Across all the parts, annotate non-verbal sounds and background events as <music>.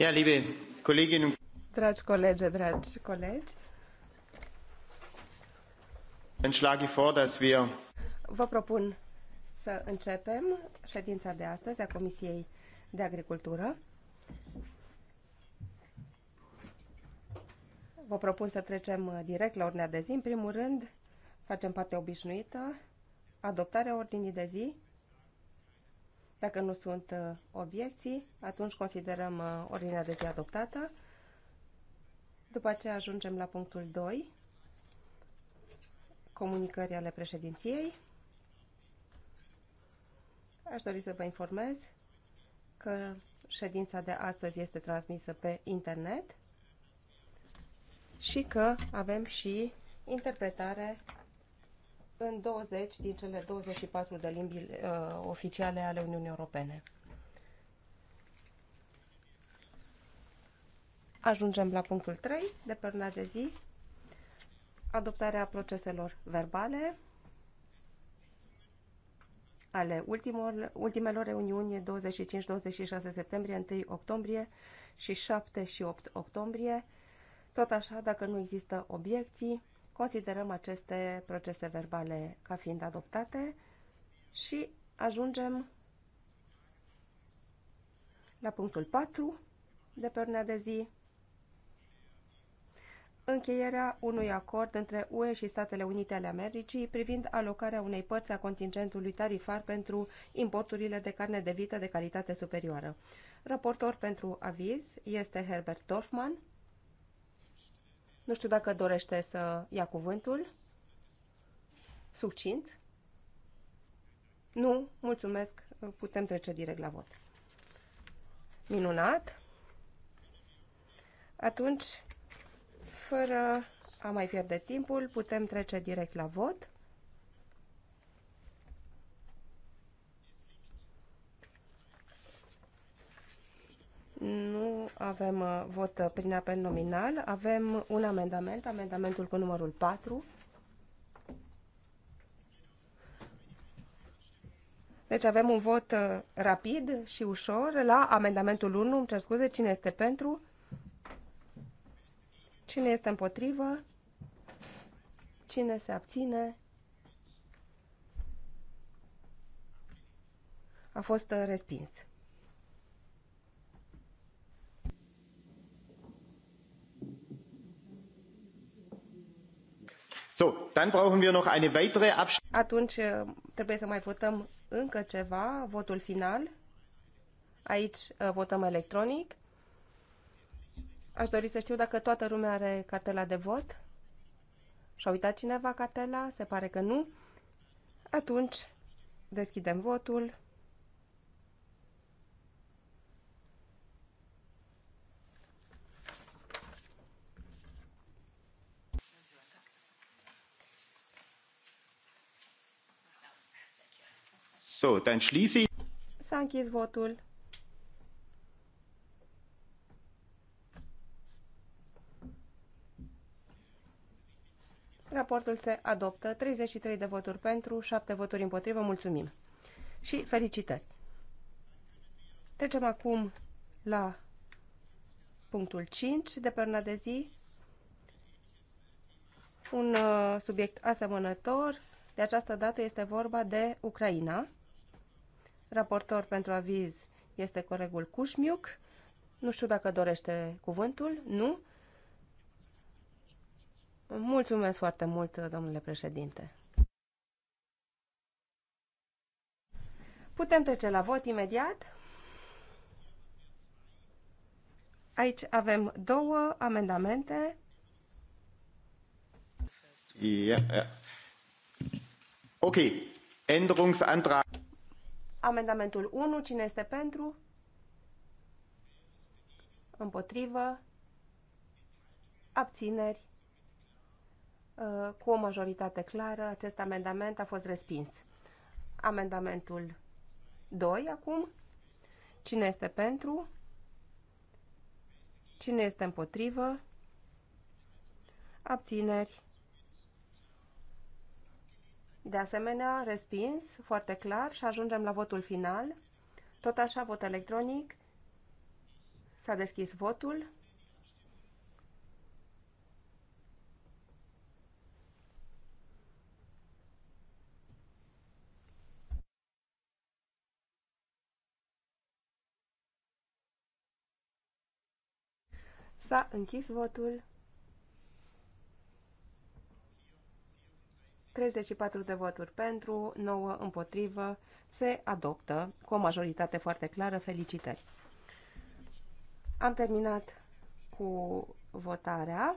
Dragi colegi, dragi colegi, Vă propun să începem ședința de astăzi a Comisiei de Agricultură. Vă propun să trecem uh, direct la ordinea de zi. În primul rând, facem parte obișnuită, adoptarea ordinii de zi. Dacă nu sunt uh, obiecții, atunci considerăm uh, ordinea de zi adoptată. După aceea ajungem la punctul 2, comunicări ale președinției. Aș dori să vă informez că ședința de astăzi este transmisă pe internet și că avem și interpretare în 20 din cele 24 de limbi uh, oficiale ale Uniunii Europene. Ajungem la punctul 3 de pe urmă de zi, adoptarea proceselor verbale ale ultimor, ultimelor reuniuni 25-26 septembrie, 1 octombrie și 7 și 8 octombrie. Tot așa, dacă nu există obiecții, considerăm aceste procese verbale ca fiind adoptate și ajungem la punctul 4 de pe ordinea de zi, încheierea unui acord între UE și Statele Unite ale Americii privind alocarea unei părți a contingentului tarifar pentru importurile de carne de vită de calitate superioară. Raportor pentru aviz este Herbert Dorfman. Nu știu dacă dorește să ia cuvântul. Succint. Nu, mulțumesc, putem trece direct la vot. Minunat. Atunci, fără a mai pierde timpul, putem trece direct la vot. Nu avem uh, vot uh, prin apel nominal. Avem un amendament, amendamentul cu numărul 4. Deci avem un vot uh, rapid și ușor la amendamentul 1. Îmi cer scuze, cine este pentru? Cine este împotrivă? Cine se abține? A fost respins. So, dann brauchen wir noch eine weitere Atunci eh, trebuie să mai votăm încă ceva, votul final. Aici eh, votăm electronic. Aș dori să știu dacă toată lumea are cartela de vot. Și-a uitat cineva cartela? Se pare că nu. Atunci deschidem votul. So, dann schließe ich. s votul. Raportul se adoptă. 33 de voturi pentru, 7 voturi împotrivă. Mulțumim. Și felicitări. Trecem acum la punctul 5 de pe urna de zi. Un uh, subiect asemănător. De această dată este vorba de Ucraina. Raportor pentru aviz este colegul Cușmiuc. Nu știu dacă dorește cuvântul. Nu? Mulțumesc foarte mult, domnule președinte. Putem trece la vot imediat. Aici avem două amendamente. Yeah. Ok. Änderungsantrag. Amendamentul 1. Cine este pentru? Împotrivă? Abțineri? Uh, cu o majoritate clară, acest amendament a fost respins. Amendamentul 2 acum. Cine este pentru? Cine este împotrivă? Abțineri? De asemenea, respins foarte clar și ajungem la votul final. Tot așa, vot electronic. S-a deschis votul. S-a închis votul. 34 de voturi pentru, 9 împotrivă, se adoptă cu o majoritate foarte clară. Felicitări! Am terminat cu votarea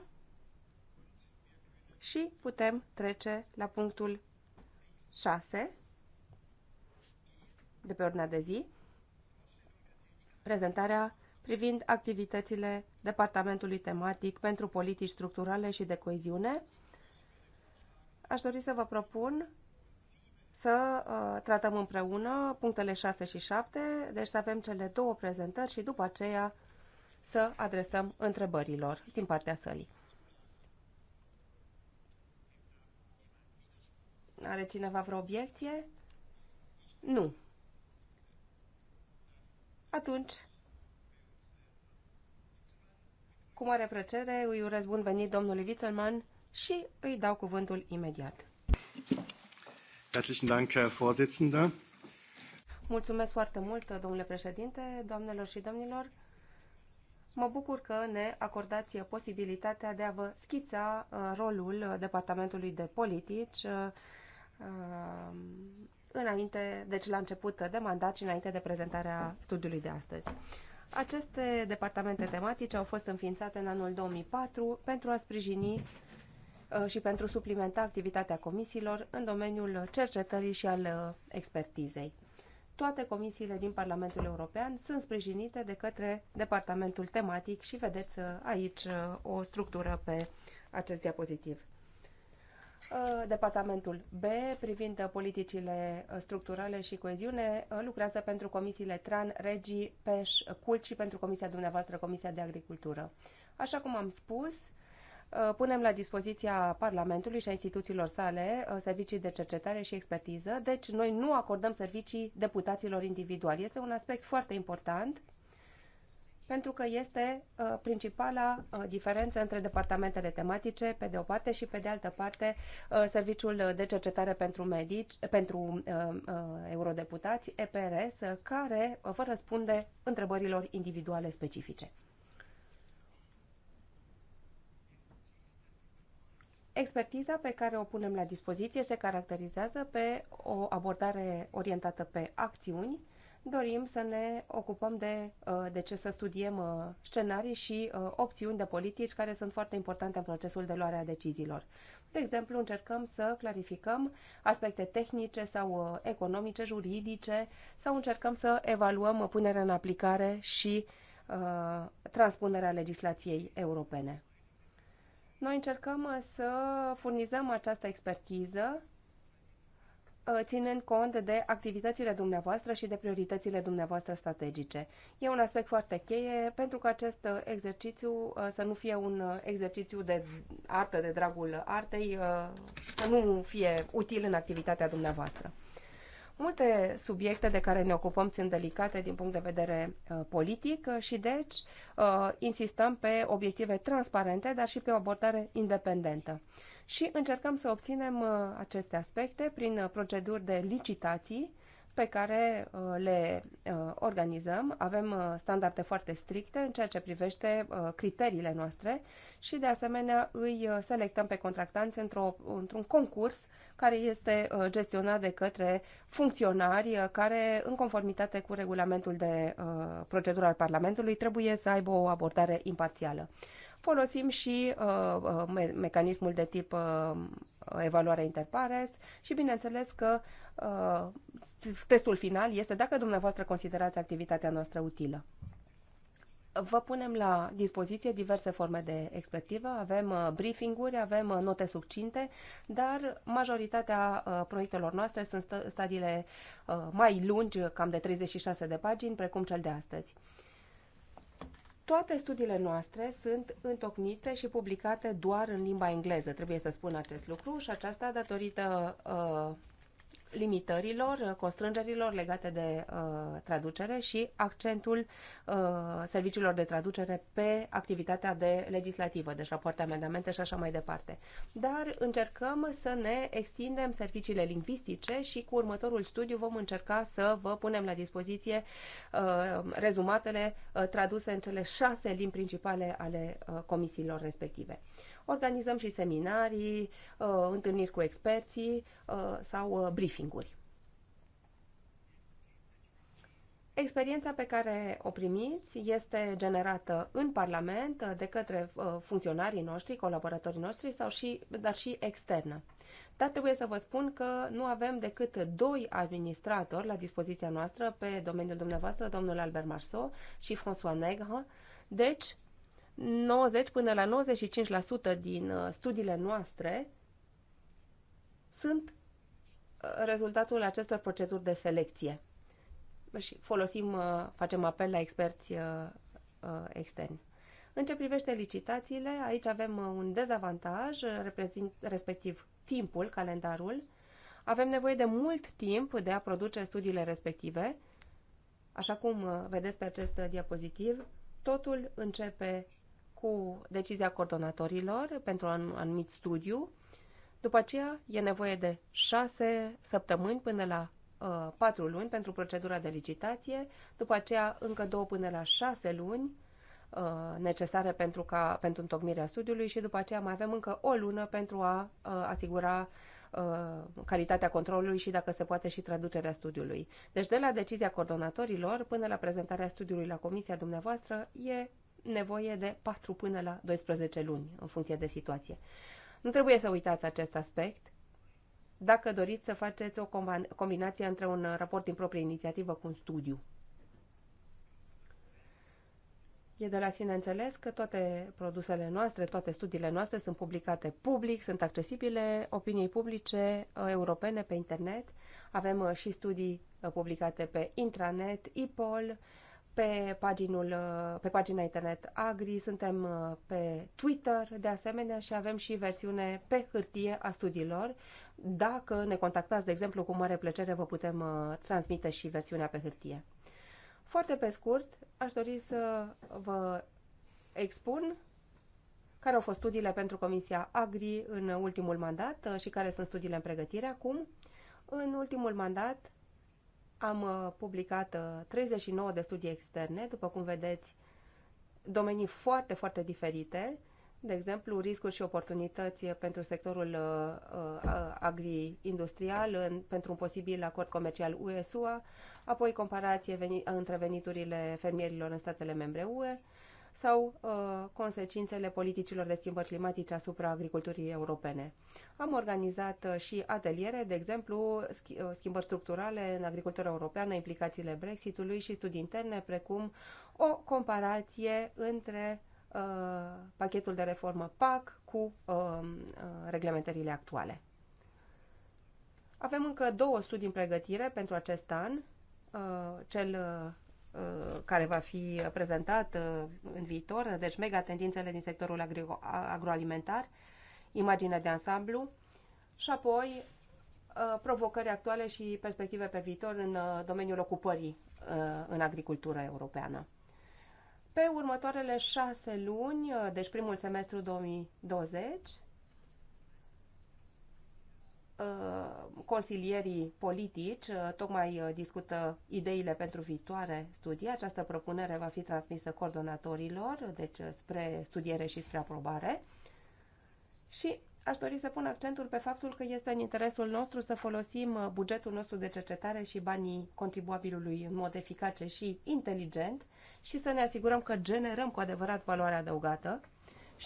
și putem trece la punctul 6 de pe ordinea de zi, prezentarea privind activitățile Departamentului Tematic pentru Politici Structurale și de Coeziune aș dori să vă propun să uh, tratăm împreună punctele 6 și 7, deci să avem cele două prezentări și după aceea să adresăm întrebărilor din partea sălii. Are cineva vreo obiecție? Nu. Atunci, cu mare plăcere, îi urez bun venit domnului Witzelman, și îi dau cuvântul imediat. Herzlichen Dank, Herr Vorsitzender. Mulțumesc foarte mult, domnule președinte, doamnelor și domnilor. Mă bucur că ne acordați posibilitatea de a vă schița uh, rolul Departamentului de Politici uh, uh, înainte, deci la început de mandat și înainte de prezentarea studiului de astăzi. Aceste departamente tematice au fost înființate în anul 2004 pentru a sprijini Uh, și pentru suplimenta activitatea comisiilor în domeniul cercetării și al uh, expertizei. Toate comisiile din Parlamentul European sunt sprijinite de către departamentul tematic și vedeți uh, aici o structură pe acest diapozitiv. Departamentul B, privind politicile structurale și coeziune, lucrează pentru comisiile TRAN, REGI, PEș, CULT și pentru comisia dumneavoastră, Comisia de Agricultură. Așa cum am spus, Uh, punem la dispoziția Parlamentului și a instituțiilor sale uh, servicii de cercetare și expertiză, deci noi nu acordăm servicii deputaților individuali. Este un aspect foarte important pentru că este uh, principala diferență între departamentele tematice, pe de o parte, și pe de altă parte Serviciul de Cercetare pentru, medici, pentru Eurodeputați, EPRS, care vă răspunde întrebărilor individuale specifice. Expertiza pe care o punem la dispoziție se caracterizează pe o abordare orientată pe acțiuni. Dorim să ne ocupăm de, uh, de ce să studiem uh, scenarii și uh, opțiuni de politici care sunt foarte importante în procesul de luare a deciziilor. De exemplu, încercăm să clarificăm aspecte tehnice sau economice, juridice, sau încercăm să evaluăm punerea în aplicare și uh, transpunerea legislației europene. Noi încercăm uh, să furnizăm această expertiză uh, ținând cont de activitățile dumneavoastră și de prioritățile dumneavoastră strategice. E un aspect foarte cheie pentru că acest uh, exercițiu să nu fie un exercițiu de artă, de dragul artei, să nu fie util în activitatea dumneavoastră. Multe subiecte de care ne ocupăm sunt delicate din punct de vedere uh, politic și deci uh, insistăm pe obiective transparente, dar și pe o abordare independentă. Și încercăm să obținem uh, aceste aspecte prin proceduri de licitații pe care uh, le uh, organizăm. Avem uh, standarde foarte stricte în ceea ce privește criteriile noastre și, de asemenea, îi selectăm pe contractanți într-o, într-un concurs care este gestionat de către funcționari care, în conformitate cu regulamentul de procedură al Parlamentului, trebuie să aibă o abordare imparțială folosim și uh, uh, me mecanismul de tip uh, evaluare interpares și bineînțeles că uh, testul final este dacă dumneavoastră considerați activitatea noastră utilă. Vă punem la dispoziție diverse forme de expertivă, avem uh, briefinguri, avem uh, note succinte, dar majoritatea proiectelor noastre sunt stadiile mai lungi, cam de 36 de pagini, precum cel de astăzi. Toate studiile noastre sunt întocmite și publicate doar în limba engleză, trebuie să spun acest lucru și aceasta datorită uh, limitărilor, constrângerilor legate de uh, traducere și accentul uh, serviciilor de traducere pe activitatea de legislativă, deci rapoarte, amendamente și așa mai departe. Dar încercăm să ne extindem serviciile lingvistice și cu următorul studiu vom încerca să vă punem la dispoziție uh, rezumatele uh, traduse în cele șase limbi principale ale uh, comisiilor respective. Organizăm și seminarii, uh, întâlniri cu experții uh, sau uh, briefinguri. Experiența pe care o primiți este generată în Parlament de către funcționarii noștri, colaboratorii noștri, sau și, dar și externă. Dar trebuie să vă spun că nu avem decât doi administratori la dispoziția noastră pe domeniul dumneavoastră, domnul Albert Marceau și François Negre. Deci, 90 până la 95% din uh, studiile noastre sunt uh, rezultatul acestor proceduri de selecție. Și folosim, uh, facem apel la experți externi. În ce privește licitațiile, aici avem un dezavantaj, respectiv timpul, calendarul. Avem nevoie de mult timp de a produce studiile respective. Așa cum vedeți pe acest diapozitiv, totul începe cu decizia coordonatorilor pentru un anumit studiu. După aceea e nevoie de șase săptămâni până la uh, 4 luni pentru procedura de licitație, după aceea încă două până la 6 luni uh, necesare pentru, ca, pentru întocmirea studiului și după aceea mai avem încă o lună pentru a uh, asigura uh, calitatea controlului și, dacă se poate, și traducerea studiului. Deci, de la decizia coordonatorilor până la prezentarea studiului la comisia dumneavoastră, e nevoie de 4 până la 12 luni, în funcție de situație. Nu trebuie să uitați acest aspect. Dacă doriți să faceți o combinație între un raport din proprie inițiativă cu un studiu. E de la sine înțeles că toate produsele noastre, toate studiile noastre sunt publicate public, sunt accesibile opiniei publice uh, europene pe internet. Avem uh, și studii uh, publicate pe intranet, IPOL, pe, paginul, uh, pe pagina internet Agri, suntem uh, pe Twitter de asemenea și avem și versiune pe hârtie a studiilor. Dacă ne contactați, de exemplu, cu mare plăcere vă putem uh, transmite și versiunea pe hârtie. Foarte pe scurt, aș dori să vă expun care au fost studiile pentru Comisia Agri în ultimul mandat și care sunt studiile în pregătire acum. În ultimul mandat am uh, publicat 39 uh, de studii externe, după cum vedeți, domenii foarte, foarte diferite, de exemplu, riscuri și oportunități uh, pentru sectorul agri-industrial, pentru un posibil acord comercial UE-SUA, apoi comparație veni, între veniturile fermierilor în statele membre UE, sau uh, consecințele politicilor de schimbări climatice asupra agriculturii europene. Am organizat uh, și ateliere, de exemplu, uh, schimbări structurale în agricultura europeană, implicațiile Brexitului și studii interne, precum o comparație între uh, pachetul de reformă PAC cu uh, uh, reglementările actuale. Avem încă două studii în pregătire pentru acest an, uh, cel uh, Uh, care va fi prezentat uh, în viitor, deci mega tendințele din sectorul agro agroalimentar, imaginea de ansamblu și apoi uh, provocări actuale și perspective pe viitor în domeniul ocupării în agricultura europeană. Pe următoarele șase luni, deci primul semestru 2020, Uh, consilierii politici uh, tocmai uh, discută ideile pentru viitoare studii. Această propunere va fi transmisă coordonatorilor, deci spre studiere și spre aprobare. Și aș dori să pun accentul pe faptul că este în interesul nostru să folosim bugetul nostru de cercetare și banii contribuabilului în mod eficace și inteligent și să ne asigurăm că generăm cu adevărat valoare adăugată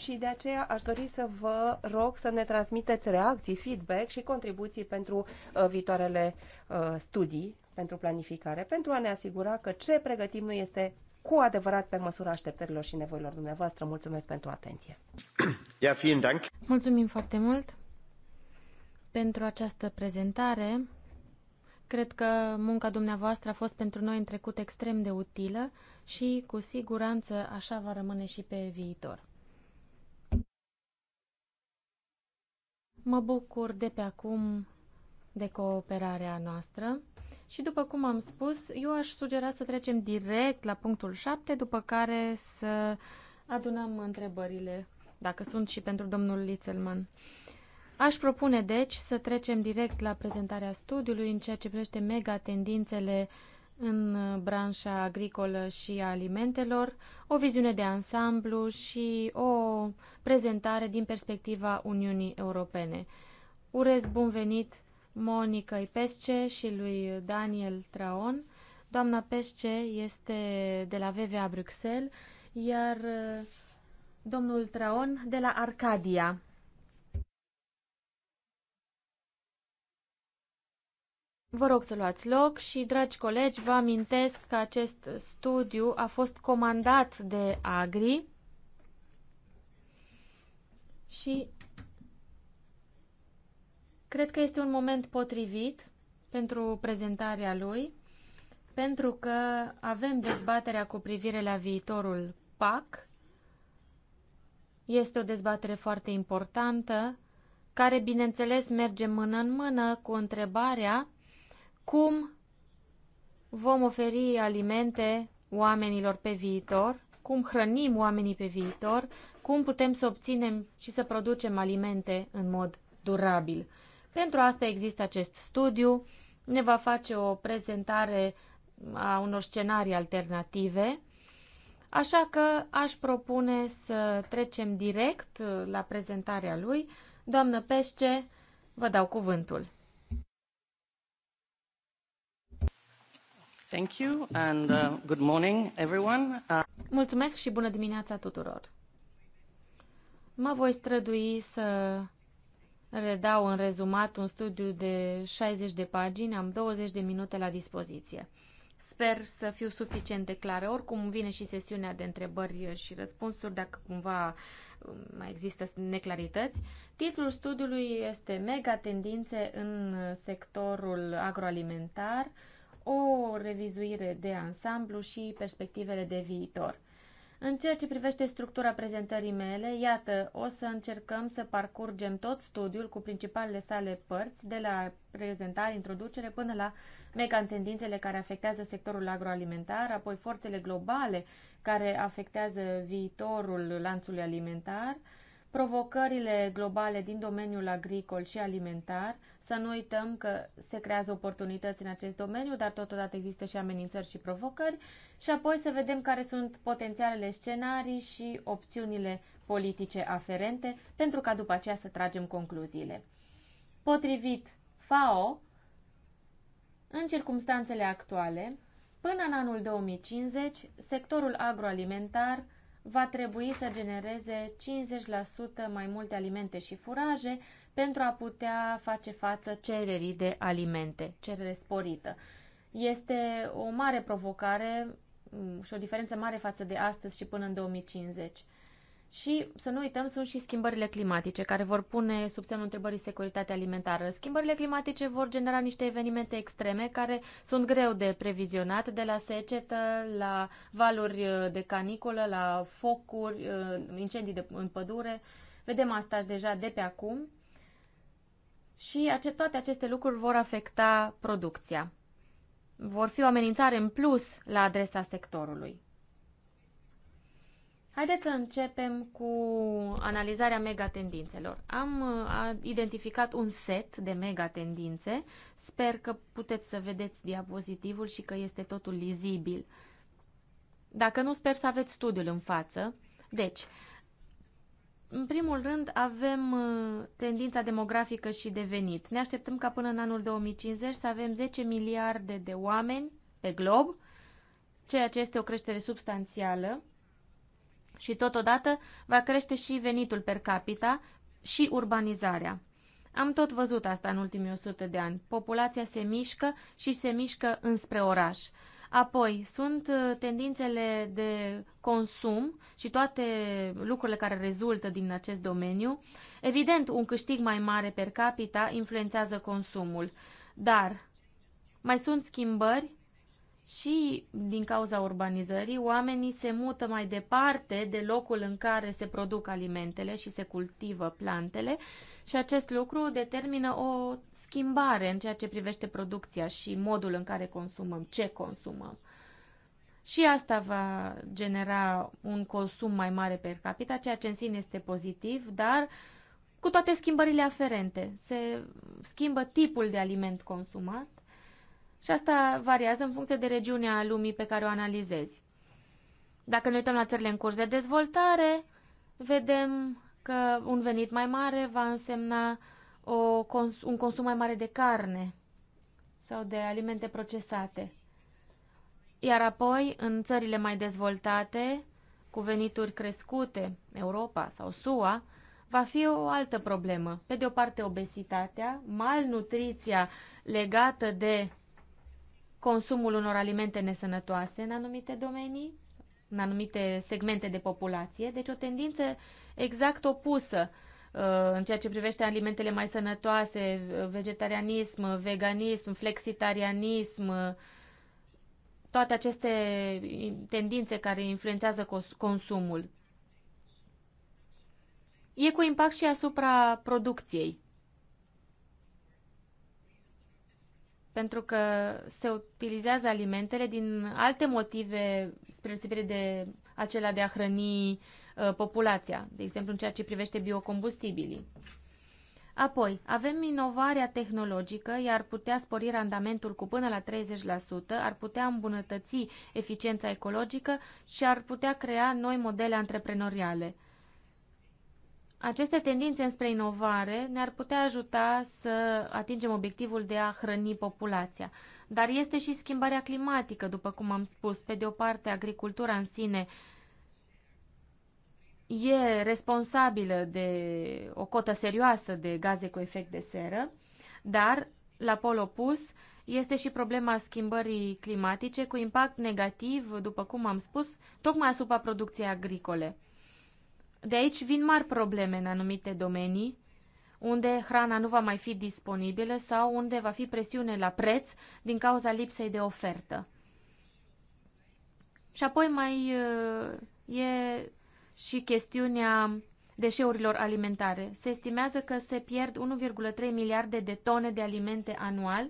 și de aceea aș dori să vă rog să ne transmiteți reacții, feedback și contribuții pentru uh, viitoarele uh, studii, pentru planificare, pentru a ne asigura că ce pregătim noi este cu adevărat pe măsura așteptărilor și nevoilor dumneavoastră. Mulțumesc pentru atenție. Ja, <clears throat> vielen Dank. Mulțumim foarte mult pentru această prezentare. Cred că munca dumneavoastră a fost pentru noi în trecut extrem de utilă și cu siguranță așa va rămâne și pe viitor. Mă bucur de pe acum de cooperarea noastră și, după cum am spus, eu aș sugera să trecem direct la punctul 7, după care să adunăm întrebările, dacă sunt și pentru domnul Litzelman. Aș propune, deci, să trecem direct la prezentarea studiului în ceea ce privește mega tendințele uh, în uh, branșa agricolă și a alimentelor, o viziune de ansamblu și o prezentare din perspectiva Uniunii Europene. Urez bun venit Monica Ipesce și lui Daniel Traon. Doamna Pesce este de la VVA Bruxelles, iar uh, domnul Traon de la Arcadia. Vă rog să luați loc și, dragi colegi, vă amintesc că acest studiu a fost comandat de Agri și cred că este un moment potrivit pentru prezentarea lui, pentru că avem dezbaterea cu privire la viitorul PAC. Este o dezbatere foarte importantă, care, bineînțeles, merge mână în mână cu întrebarea cum vom oferi alimente oamenilor pe viitor, cum hrănim oamenii pe viitor, cum putem să obținem și să producem alimente în mod durabil. Pentru asta există acest studiu, ne va face o prezentare a unor scenarii alternative, așa că aș propune să trecem direct la prezentarea lui. Doamnă Pește, vă dau cuvântul. Thank you and uh, good morning everyone. Uh, Mulțumesc și bună dimineața tuturor. Mă voi strădui să redau în rezumat un studiu de 60 de pagini, am 20 de minute la dispoziție. Sper să fiu suficient de clară. Oricum vine și sesiunea de întrebări și răspunsuri, dacă cumva um, mai există neclarități. Titlul studiului este Mega tendințe în sectorul agroalimentar – o revizuire de ansamblu și perspectivele de viitor. În ceea ce privește structura prezentării mele, iată, o să încercăm să parcurgem tot studiul cu principalele sale părți, de la prezentare, introducere, până la mega care afectează sectorul agroalimentar, apoi forțele globale care afectează viitorul lanțului alimentar, provocările globale din domeniul agricol și alimentar, să nu uităm că se creează oportunități în acest domeniu, dar totodată există și amenințări și provocări, și apoi să vedem care sunt potențialele scenarii și opțiunile politice aferente, pentru ca după aceea să tragem concluziile. Potrivit FAO, în circumstanțele actuale, până în anul 2050, sectorul agroalimentar – va trebui să genereze 50% mai multe alimente și furaje pentru a putea face față cererii de alimente, cerere sporită. Este o mare provocare mm, și o diferență mare față de astăzi și până în 2050. Și să nu uităm, sunt și schimbările climatice care vor pune sub semnul întrebării securitatea alimentară. Schimbările climatice vor genera niște evenimente extreme care sunt greu de previzionat, de la secetă, la valuri uh, de caniculă, la focuri, uh, incendii de, în pădure. Vedem asta deja de pe acum. Și toate aceste lucruri vor afecta producția. Vor fi o amenințare în plus la adresa sectorului. Haideți să începem cu analizarea megatendințelor. Am identificat un set de megatendințe. Sper că puteți să vedeți diapozitivul și că este totul lizibil. Dacă nu, sper să aveți studiul în față. Deci, în primul rând, avem uh, tendința demografică și de venit. Ne așteptăm ca până în anul 2050 să avem 10 miliarde de oameni pe glob, ceea ce este o creștere substanțială și totodată va crește și venitul per capita și urbanizarea. Am tot văzut asta în ultimii 100 de ani. Populația se mișcă și se mișcă înspre oraș. Apoi, sunt uh, tendințele de consum și toate lucrurile care rezultă din acest domeniu. Evident, un câștig mai mare per capita influențează consumul, dar mai sunt schimbări și din cauza urbanizării, oamenii se mută mai departe de locul în care se produc alimentele și se cultivă plantele și acest lucru determină o schimbare în ceea ce privește producția și modul în care consumăm, ce consumăm. Și asta va genera un consum mai mare per capita, ceea ce în sine este pozitiv, dar cu toate schimbările aferente. Se schimbă tipul de aliment consumat, și asta variază în funcție de regiunea lumii pe care o analizezi. Dacă ne uităm la țările în curs de dezvoltare, vedem că un venit mai mare va însemna o, un consum mai mare de carne sau de alimente procesate. Iar apoi, în țările mai dezvoltate, cu venituri crescute, Europa sau SUA, va fi o altă problemă. Pe de o parte, obesitatea, malnutriția legată de consumul unor alimente nesănătoase în anumite domenii, în anumite segmente de populație, deci o tendință exact opusă uh, în ceea ce privește alimentele mai sănătoase, uh, vegetarianism, uh, veganism, flexitarianism, toate aceste tendințe care influențează consumul. E cu impact și asupra producției. pentru că se utilizează alimentele din alte motive, spre deosebire de acela de a hrăni uh, populația, de exemplu în ceea ce privește biocombustibilii. Apoi, avem inovarea tehnologică, iar putea spori randamentul cu până la 30%, ar putea îmbunătăți eficiența ecologică și ar putea crea noi modele antreprenoriale. Aceste tendințe înspre inovare ne-ar putea ajuta să atingem obiectivul de a hrăni populația. Dar este și schimbarea climatică, după cum am spus. Pe de o parte, agricultura în sine e responsabilă de o cotă serioasă de gaze cu efect de seră, dar, la pol opus, este și problema schimbării climatice cu impact negativ, după cum am spus, tocmai asupra producției agricole. De aici vin mari probleme în anumite domenii, unde hrana nu va mai fi disponibilă sau unde va fi presiune la preț din cauza lipsei de ofertă. Și apoi mai uh, e și chestiunea deșeurilor alimentare. Se estimează că se pierd 1,3 miliarde de tone de alimente anual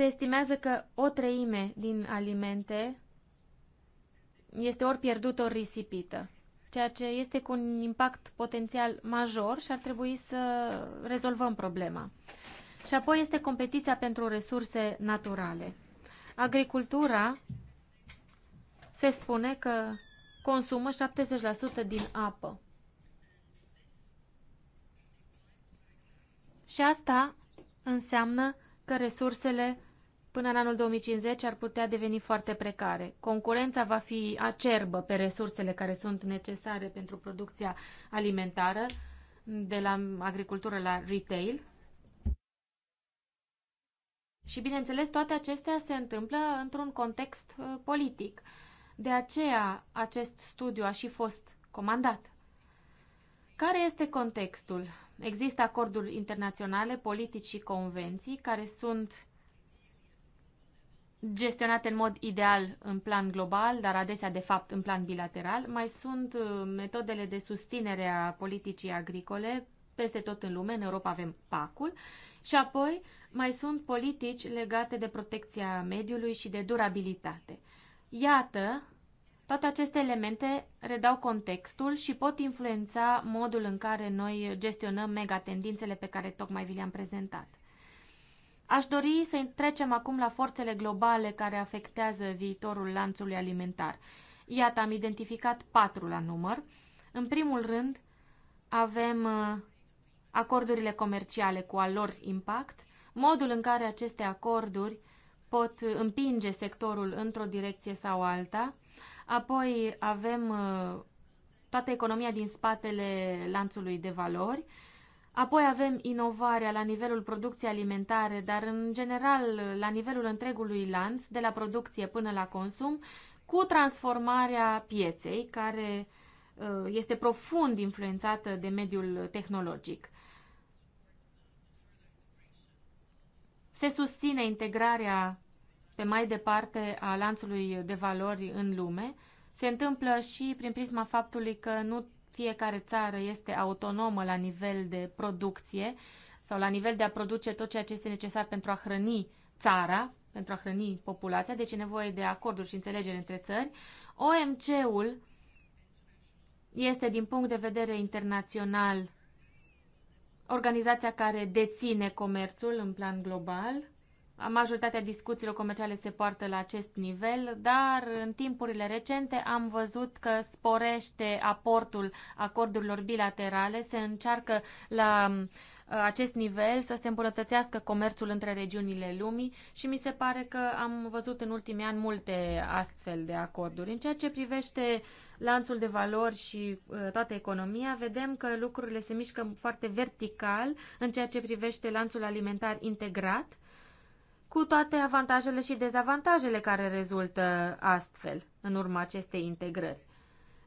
Se estimează că o treime din alimente este ori pierdută, ori risipită, ceea ce este cu un impact potențial major și ar trebui să rezolvăm problema. Și apoi este competiția pentru resurse naturale. Agricultura se spune că consumă 70% din apă. Și asta înseamnă că resursele până în anul 2050 ar putea deveni foarte precare. Concurența va fi acerbă pe resursele care sunt necesare pentru producția alimentară, de la agricultură la retail. Și, bineînțeles, toate acestea se întâmplă într-un context uh, politic. De aceea, acest studiu a și fost comandat. Care este contextul? Există acorduri internaționale, politici și convenții care sunt gestionate în mod ideal în plan global, dar adesea, de fapt, în plan bilateral. Mai sunt uh, metodele de susținere a politicii agricole peste tot în lume, în Europa avem PAC-ul, și apoi mai sunt politici legate de protecția mediului și de durabilitate. Iată, toate aceste elemente redau contextul și pot influența modul în care noi gestionăm megatendințele pe care tocmai vi le-am prezentat. Aș dori să trecem acum la forțele globale care afectează viitorul lanțului alimentar. Iată, am identificat patru la număr. În primul rând, avem uh, acordurile comerciale cu al lor impact, modul în care aceste acorduri pot împinge sectorul într-o direcție sau alta. Apoi avem uh, toată economia din spatele lanțului de valori, Apoi avem inovarea la nivelul producției alimentare, dar în general la nivelul întregului lanț, de la producție până la consum, cu transformarea pieței, care uh, este profund influențată de mediul tehnologic. Se susține integrarea pe mai departe a lanțului de valori în lume. Se întâmplă și prin prisma faptului că nu fiecare țară este autonomă la nivel de producție sau la nivel de a produce tot ceea ce este necesar pentru a hrăni țara, pentru a hrăni populația, deci e nevoie de acorduri și înțelegere între țări. OMC-ul este, din punct de vedere internațional, organizația care deține comerțul în plan global Majoritatea discuțiilor comerciale se poartă la acest nivel, dar în timpurile recente am văzut că sporește aportul acordurilor bilaterale, se încearcă la uh, acest nivel să se îmbunătățească comerțul între regiunile lumii și mi se pare că am văzut în ultimii ani multe astfel de acorduri. În ceea ce privește lanțul de valori și uh, toată economia, vedem că lucrurile se mișcă foarte vertical în ceea ce privește lanțul alimentar integrat cu toate avantajele și dezavantajele care rezultă astfel în urma acestei integrări.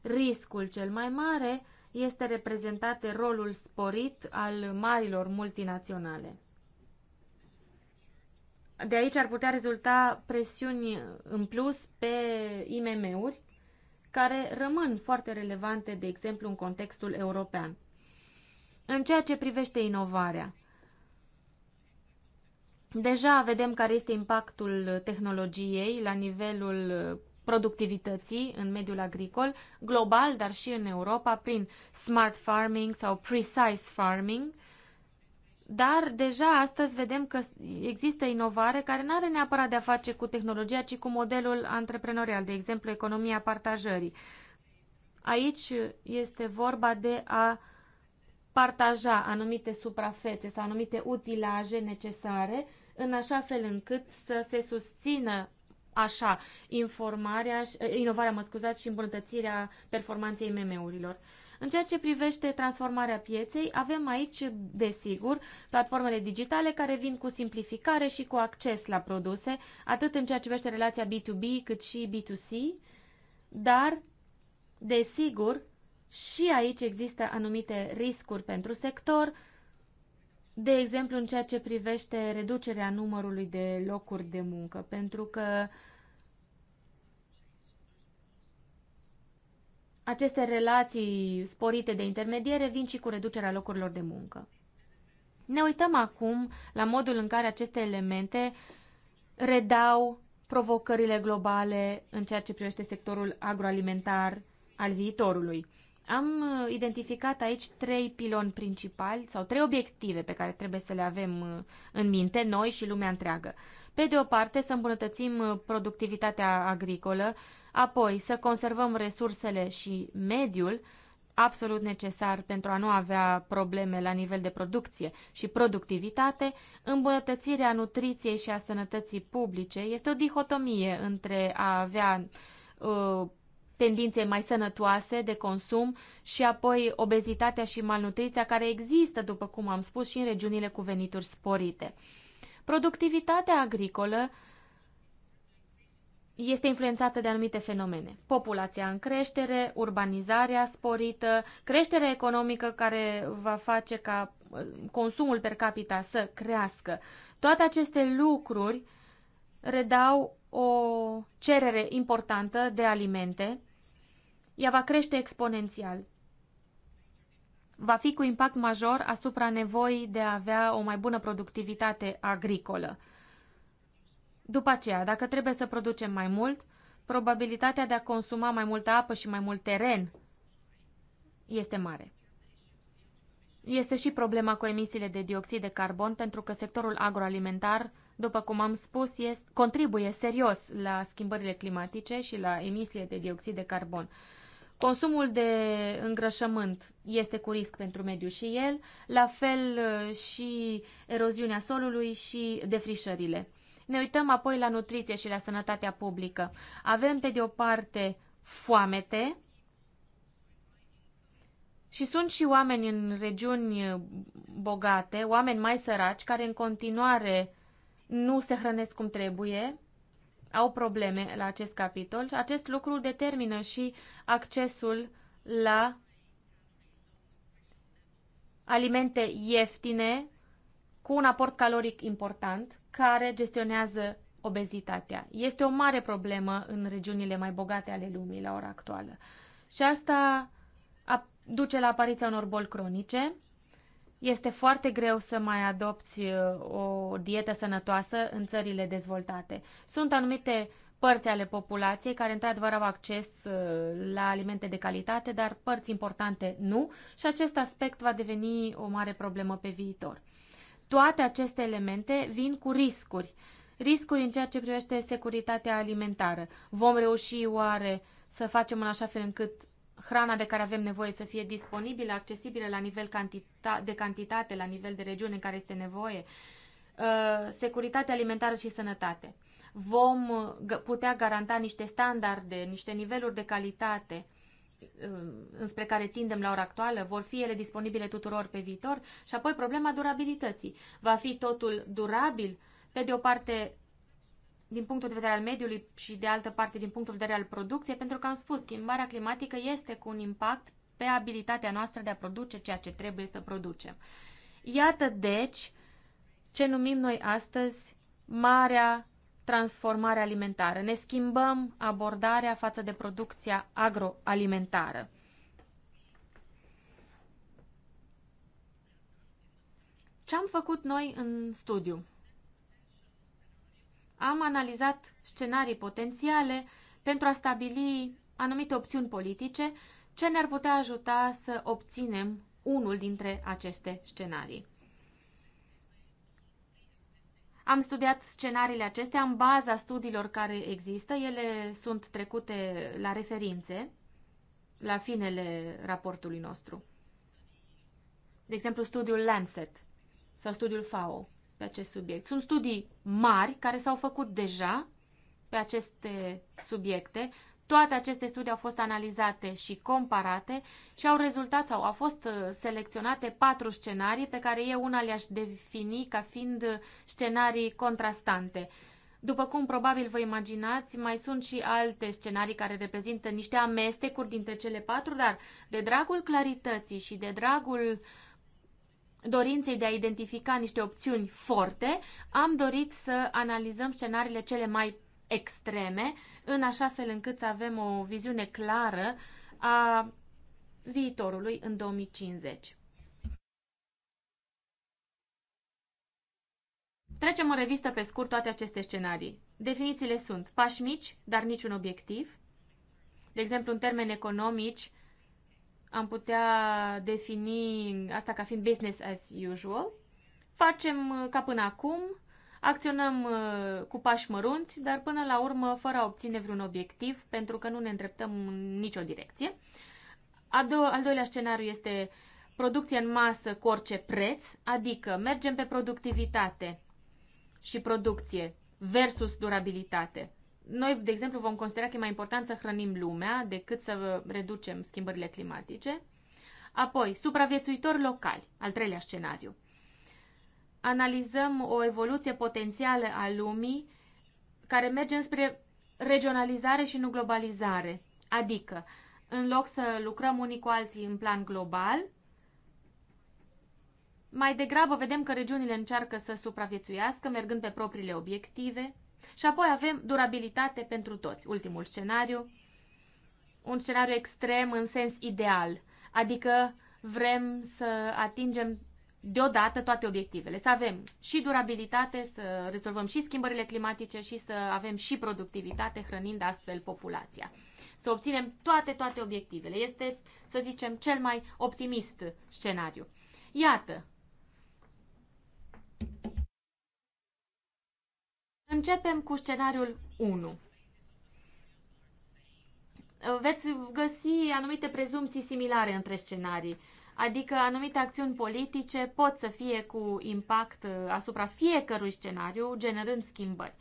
Riscul cel mai mare este reprezentat de rolul sporit al marilor multinaționale. De aici ar putea rezulta presiuni în plus pe IMM-uri, care rămân foarte relevante, de exemplu, în contextul european. În ceea ce privește inovarea, Deja vedem care este impactul tehnologiei la nivelul productivității în mediul agricol, global, dar și în Europa, prin smart farming sau precise farming. Dar deja astăzi vedem că există inovare care nu are neapărat de a face cu tehnologia, ci cu modelul antreprenorial, de exemplu economia partajării. Aici este vorba de a partaja anumite suprafețe sau anumite utilaje necesare în așa fel încât să se susțină așa informarea, eh, inovarea, mă scuzați, și îmbunătățirea performanței MM-urilor. În ceea ce privește transformarea pieței, avem aici, desigur, platformele digitale care vin cu simplificare și cu acces la produse, atât în ceea ce privește relația B2B cât și B2C, dar, desigur, și aici există anumite riscuri pentru sector, de exemplu în ceea ce privește reducerea numărului de locuri de muncă, pentru că aceste relații sporite de intermediere vin și cu reducerea locurilor de muncă. Ne uităm acum la modul în care aceste elemente redau provocările globale în ceea ce privește sectorul agroalimentar al viitorului. Am uh, identificat aici trei piloni principali sau trei obiective pe care trebuie să le avem uh, în minte noi și lumea întreagă. Pe de o parte, să îmbunătățim uh, productivitatea agricolă, apoi să conservăm resursele și mediul, absolut necesar pentru a nu avea probleme la nivel de producție și productivitate, îmbunătățirea nutriției și a sănătății publice este o dihotomie între a avea uh, tendințe mai sănătoase de consum și apoi obezitatea și malnutriția care există, după cum am spus, și în regiunile cu venituri sporite. Productivitatea agricolă este influențată de anumite fenomene. Populația în creștere, urbanizarea sporită, creșterea economică care va face ca uh, consumul per capita să crească. Toate aceste lucruri redau o cerere importantă de alimente. Ea va crește exponențial. Va fi cu impact major asupra nevoii de a avea o mai bună productivitate agricolă. După aceea, dacă trebuie să producem mai mult, probabilitatea de a consuma mai multă apă și mai mult teren este mare. Este și problema cu emisiile de dioxid de carbon, pentru că sectorul agroalimentar după cum am spus, este, contribuie serios la schimbările climatice și la emisiile de dioxid de carbon. Consumul de îngrășământ este cu risc pentru mediu și el, la fel uh, și eroziunea solului și defrișările. Ne uităm apoi la nutriție și la sănătatea publică. Avem, pe de o parte, foamete și sunt și oameni în regiuni uh, bogate, oameni mai săraci, care în continuare nu se hrănesc cum trebuie, au probleme la acest capitol. Acest lucru determină și accesul la alimente ieftine cu un aport caloric important care gestionează obezitatea. Este o mare problemă în regiunile mai bogate ale lumii la ora actuală. Și asta duce la apariția unor boli cronice este foarte greu să mai adopți uh, o dietă sănătoasă în țările dezvoltate. Sunt anumite părți ale populației care într-adevăr au acces uh, la alimente de calitate, dar părți importante nu și acest aspect va deveni o mare problemă pe viitor. Toate aceste elemente vin cu riscuri. Riscuri în ceea ce privește securitatea alimentară. Vom reuși oare să facem în așa fel încât hrana de care avem nevoie să fie disponibilă, accesibilă la nivel cantita- de cantitate, la nivel de regiune în care este nevoie, uh, securitate alimentară și sănătate. Vom uh, putea garanta niște standarde, niște niveluri de calitate uh, înspre care tindem la ora actuală, vor fi ele disponibile tuturor pe viitor și apoi problema durabilității. Va fi totul durabil? Pe de o parte, din punctul de vedere al mediului și de altă parte din punctul de vedere al producției, pentru că am spus, schimbarea climatică este cu un impact pe abilitatea noastră de a produce ceea ce trebuie să producem. Iată, deci, ce numim noi astăzi marea transformare alimentară. Ne schimbăm abordarea față de producția agroalimentară. Ce am făcut noi în studiu? am analizat scenarii potențiale pentru a stabili anumite opțiuni politice ce ne-ar putea ajuta să obținem unul dintre aceste scenarii. Am studiat scenariile acestea în baza studiilor care există. Ele sunt trecute la referințe la finele raportului nostru. De exemplu, studiul Lancet sau studiul FAO pe acest subiect. Sunt studii mari care s-au făcut deja pe aceste subiecte. Toate aceste studii au fost analizate și comparate și au rezultat sau au fost uh, selecționate patru scenarii pe care eu una le-aș defini ca fiind uh, scenarii contrastante. După cum probabil vă imaginați, mai sunt și alte scenarii care reprezintă niște amestecuri dintre cele patru, dar de dragul clarității și de dragul uh, dorinței de a identifica niște opțiuni forte, am dorit să analizăm scenariile cele mai extreme, în așa fel încât să avem o viziune clară a viitorului în 2050. Trecem în revistă pe scurt toate aceste scenarii. Definițiile sunt pași mici, dar niciun obiectiv. De exemplu, în termeni economici, am putea defini asta ca fiind business as usual. Facem uh, ca până acum, acționăm uh, cu pași mărunți, dar până la urmă fără a obține vreun obiectiv, pentru că nu ne îndreptăm în nicio direcție. al doilea scenariu este producție în masă cu orice preț, adică mergem pe productivitate și producție versus durabilitate. Noi, de exemplu, vom considera că e mai important să hrănim lumea decât să reducem schimbările climatice. Apoi, supraviețuitori locali, al treilea scenariu. Analizăm o evoluție potențială a lumii care merge spre regionalizare și nu globalizare. Adică, în loc să lucrăm unii cu alții în plan global, mai degrabă vedem că regiunile încearcă să supraviețuiască mergând pe propriile obiective, și apoi avem durabilitate pentru toți, ultimul scenariu, un scenariu extrem în sens ideal, adică vrem să atingem deodată toate obiectivele, să avem și durabilitate, să rezolvăm și schimbările climatice și să avem și productivitate, hrănind astfel populația. Să obținem toate, toate obiectivele. Este, să zicem, cel mai optimist scenariu. Iată, Începem cu scenariul 1. Veți găsi anumite prezumții similare între scenarii, adică anumite acțiuni politice pot să fie cu impact uh, asupra fiecărui scenariu, generând schimbări.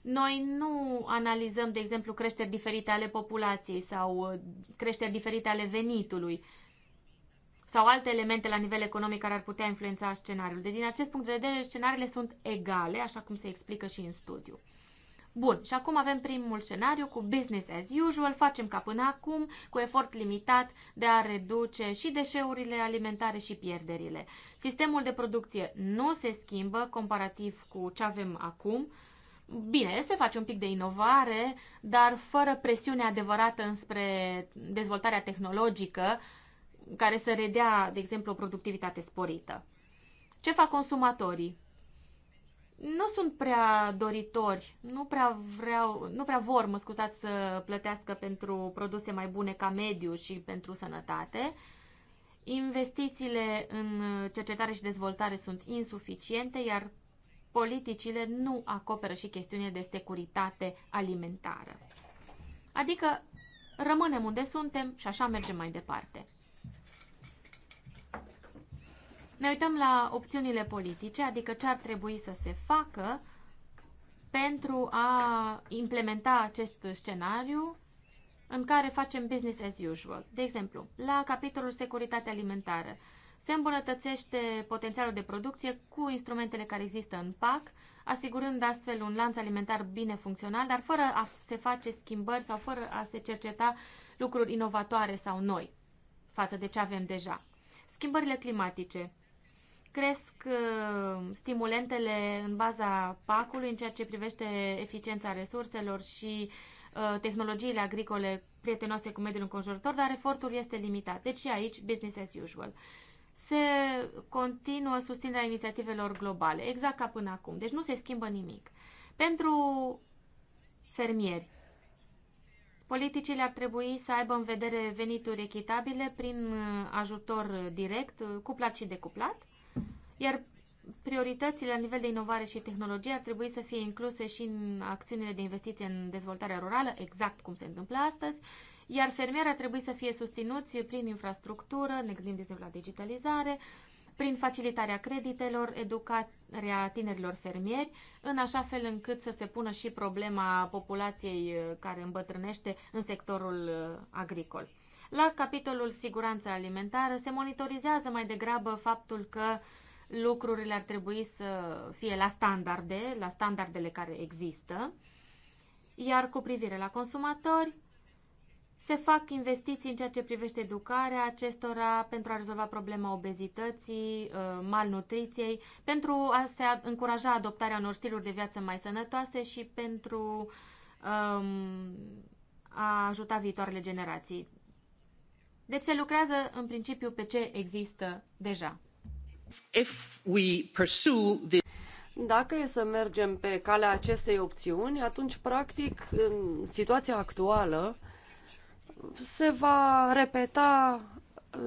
Noi nu analizăm, de exemplu, creșteri diferite ale populației sau uh, creșteri diferite ale venitului, sau alte elemente la nivel economic care ar putea influența scenariul. Deci, din acest punct de vedere, scenariile sunt egale, așa cum se explică și în studiu. Bun, și acum avem primul scenariu cu business as usual, facem ca până acum, cu efort limitat de a reduce și deșeurile alimentare și pierderile. Sistemul de producție nu se schimbă comparativ cu ce avem acum. Bine, se face un pic de inovare, dar fără presiune adevărată înspre dezvoltarea tehnologică, care să redea, de exemplu, o productivitate sporită. Ce fac consumatorii? Nu sunt prea doritori, nu prea, vreau, nu prea vor, mă scuzați, să plătească pentru produse mai bune ca mediu și pentru sănătate. Investițiile în cercetare și dezvoltare sunt insuficiente, iar politicile nu acoperă și chestiunile de securitate alimentară. Adică rămânem unde suntem și așa mergem mai departe. Ne uităm la opțiunile politice, adică ce ar trebui să se facă pentru a implementa acest scenariu în care facem business as usual. De exemplu, la capitolul securitate alimentară, se îmbunătățește potențialul de producție cu instrumentele care există în PAC, asigurând astfel un lanț alimentar bine funcțional, dar fără a se face schimbări sau fără a se cerceta lucruri inovatoare sau noi față de ce avem deja. Schimbările climatice cresc uh, stimulentele în baza PAC-ului în ceea ce privește eficiența resurselor și uh, tehnologiile agricole prietenoase cu mediul înconjurător, dar efortul este limitat. Deci și aici business as usual. Se continuă susținerea inițiativelor globale, exact ca până acum. Deci nu se schimbă nimic. Pentru fermieri, Politicile ar trebui să aibă în vedere venituri echitabile prin uh, ajutor direct, cuplat și decuplat iar prioritățile la nivel de inovare și tehnologie ar trebui să fie incluse și în acțiunile de investiție în dezvoltarea rurală, exact cum se întâmplă astăzi, iar fermierii ar trebui să fie susținuți prin infrastructură, ne gândim de exemplu la digitalizare, prin facilitarea creditelor, educarea tinerilor fermieri, în așa fel încât să se pună și problema populației uh, care îmbătrânește în sectorul uh, agricol. La capitolul siguranță alimentară se monitorizează mai degrabă faptul că uh, lucrurile ar trebui să fie la standarde, la standardele care există. Iar cu privire la consumatori, se fac investiții în ceea ce privește educarea acestora pentru a rezolva problema obezității, uh, malnutriției, pentru a se încuraja adoptarea unor stiluri de viață mai sănătoase și pentru um, a ajuta viitoarele generații. Deci se lucrează în principiu pe ce există deja. Dacă e să mergem pe calea acestei opțiuni, atunci, practic, în situația actuală, se va repeta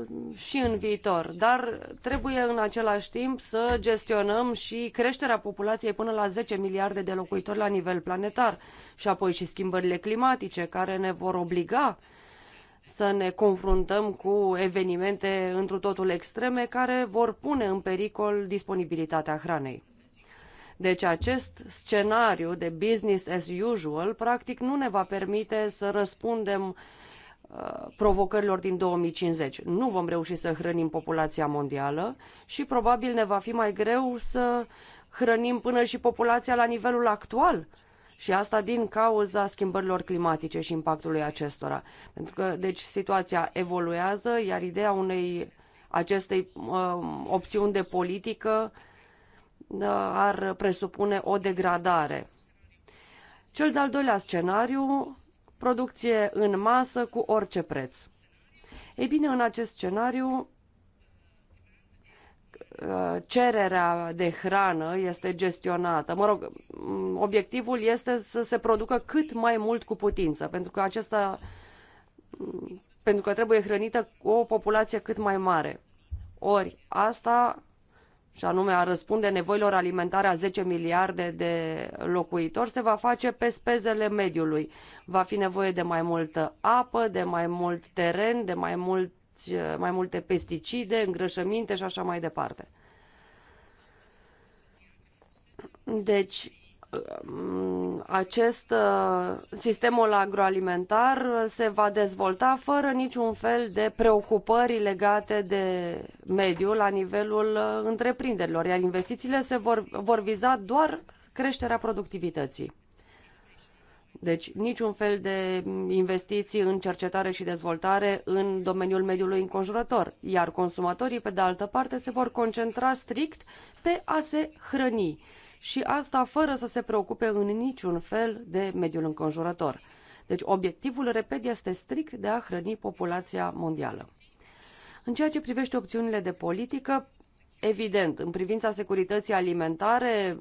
um, și în viitor, dar trebuie în același timp să gestionăm și creșterea populației până la 10 miliarde de locuitori la nivel planetar și apoi și schimbările climatice care ne vor obliga să ne confruntăm cu evenimente întru totul extreme care vor pune în pericol disponibilitatea hranei. Deci acest scenariu de business as usual practic nu ne va permite să răspundem uh, provocărilor din 2050. Nu vom reuși să hrănim populația mondială și probabil ne va fi mai greu să hrănim până și populația la nivelul actual, și asta din cauza schimbărilor climatice și impactului acestora. Pentru că, deci, situația evoluează, iar ideea unei acestei uh, opțiuni de politică uh, ar presupune o degradare. Cel de-al doilea scenariu, producție în masă cu orice preț. Ei bine, în acest scenariu, Uh, cererea de hrană este gestionată. Mă rog, mm, obiectivul este să se producă cât mai mult cu putință, pentru că acesta mm, pentru că trebuie hrănită o populație cât mai mare. Ori asta și anume a răspunde nevoilor alimentare a 10 miliarde de locuitori, se va face pe spezele mediului. Va fi nevoie de mai multă apă, de mai mult teren, de mai mult mulți, eh, mai multe pesticide, îngrășăminte și așa mai departe. Deci, eh, acest eh, sistemul agroalimentar se va dezvolta fără niciun fel de preocupări legate de mediu la nivelul întreprinderilor, iar investițiile se vor, vor viza doar creșterea productivității. Deci niciun fel de investiții în cercetare și dezvoltare în domeniul mediului înconjurător, iar consumatorii, pe de altă parte, se vor concentra strict pe a se hrăni și asta fără să se preocupe în niciun fel de mediul înconjurător. Deci obiectivul, repet, este strict de a hrăni populația mondială. În ceea ce privește opțiunile de politică, evident, în privința securității alimentare,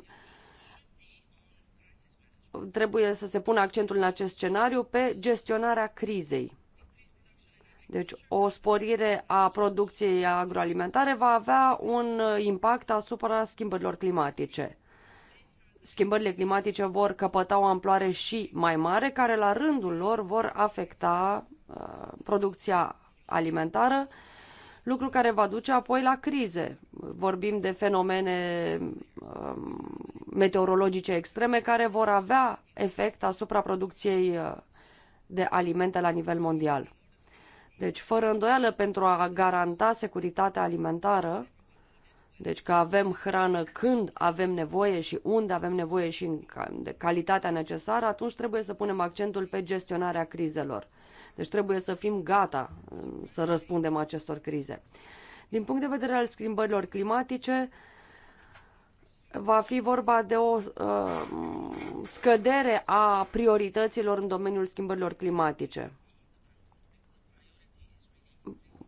trebuie să se pună accentul în acest scenariu pe gestionarea crizei. Deci o sporire a producției agroalimentare va avea un impact asupra schimbărilor climatice. Schimbările climatice vor căpăta o amploare și mai mare, care la rândul lor vor afecta uh, producția alimentară lucru care va duce apoi la crize. Vorbim de fenomene um, meteorologice extreme care vor avea efect asupra producției uh, de alimente la nivel mondial. Deci, fără îndoială, pentru a garanta securitatea alimentară, deci că avem hrană când avem nevoie și unde avem nevoie și de calitatea necesară, atunci trebuie să punem accentul pe gestionarea crizelor. Deci trebuie să fim gata um, să răspundem acestor crize. Din punct de vedere al schimbărilor climatice, va fi vorba de o uh, scădere a priorităților în domeniul schimbărilor climatice.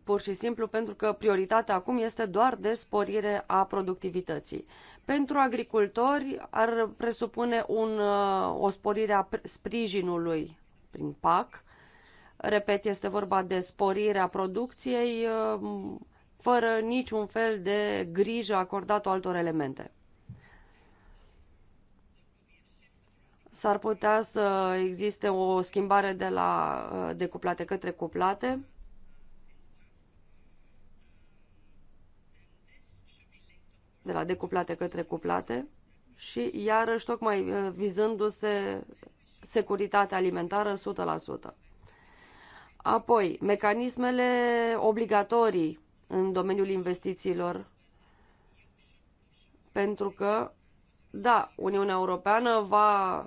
Pur și simplu pentru că prioritatea acum este doar de sporire a productivității. Pentru agricultori ar presupune un, uh, o sporire a sprijinului prin PAC Repet, este vorba de sporirea producției uh, fără niciun fel de grijă acordată altor elemente. S-ar putea să existe o schimbare de la uh, decuplate către cuplate. De la decuplate către cuplate și iarăși tocmai uh, vizându-se securitatea alimentară 100%. Apoi, mecanismele obligatorii în domeniul investițiilor. Pentru că, da, Uniunea Europeană va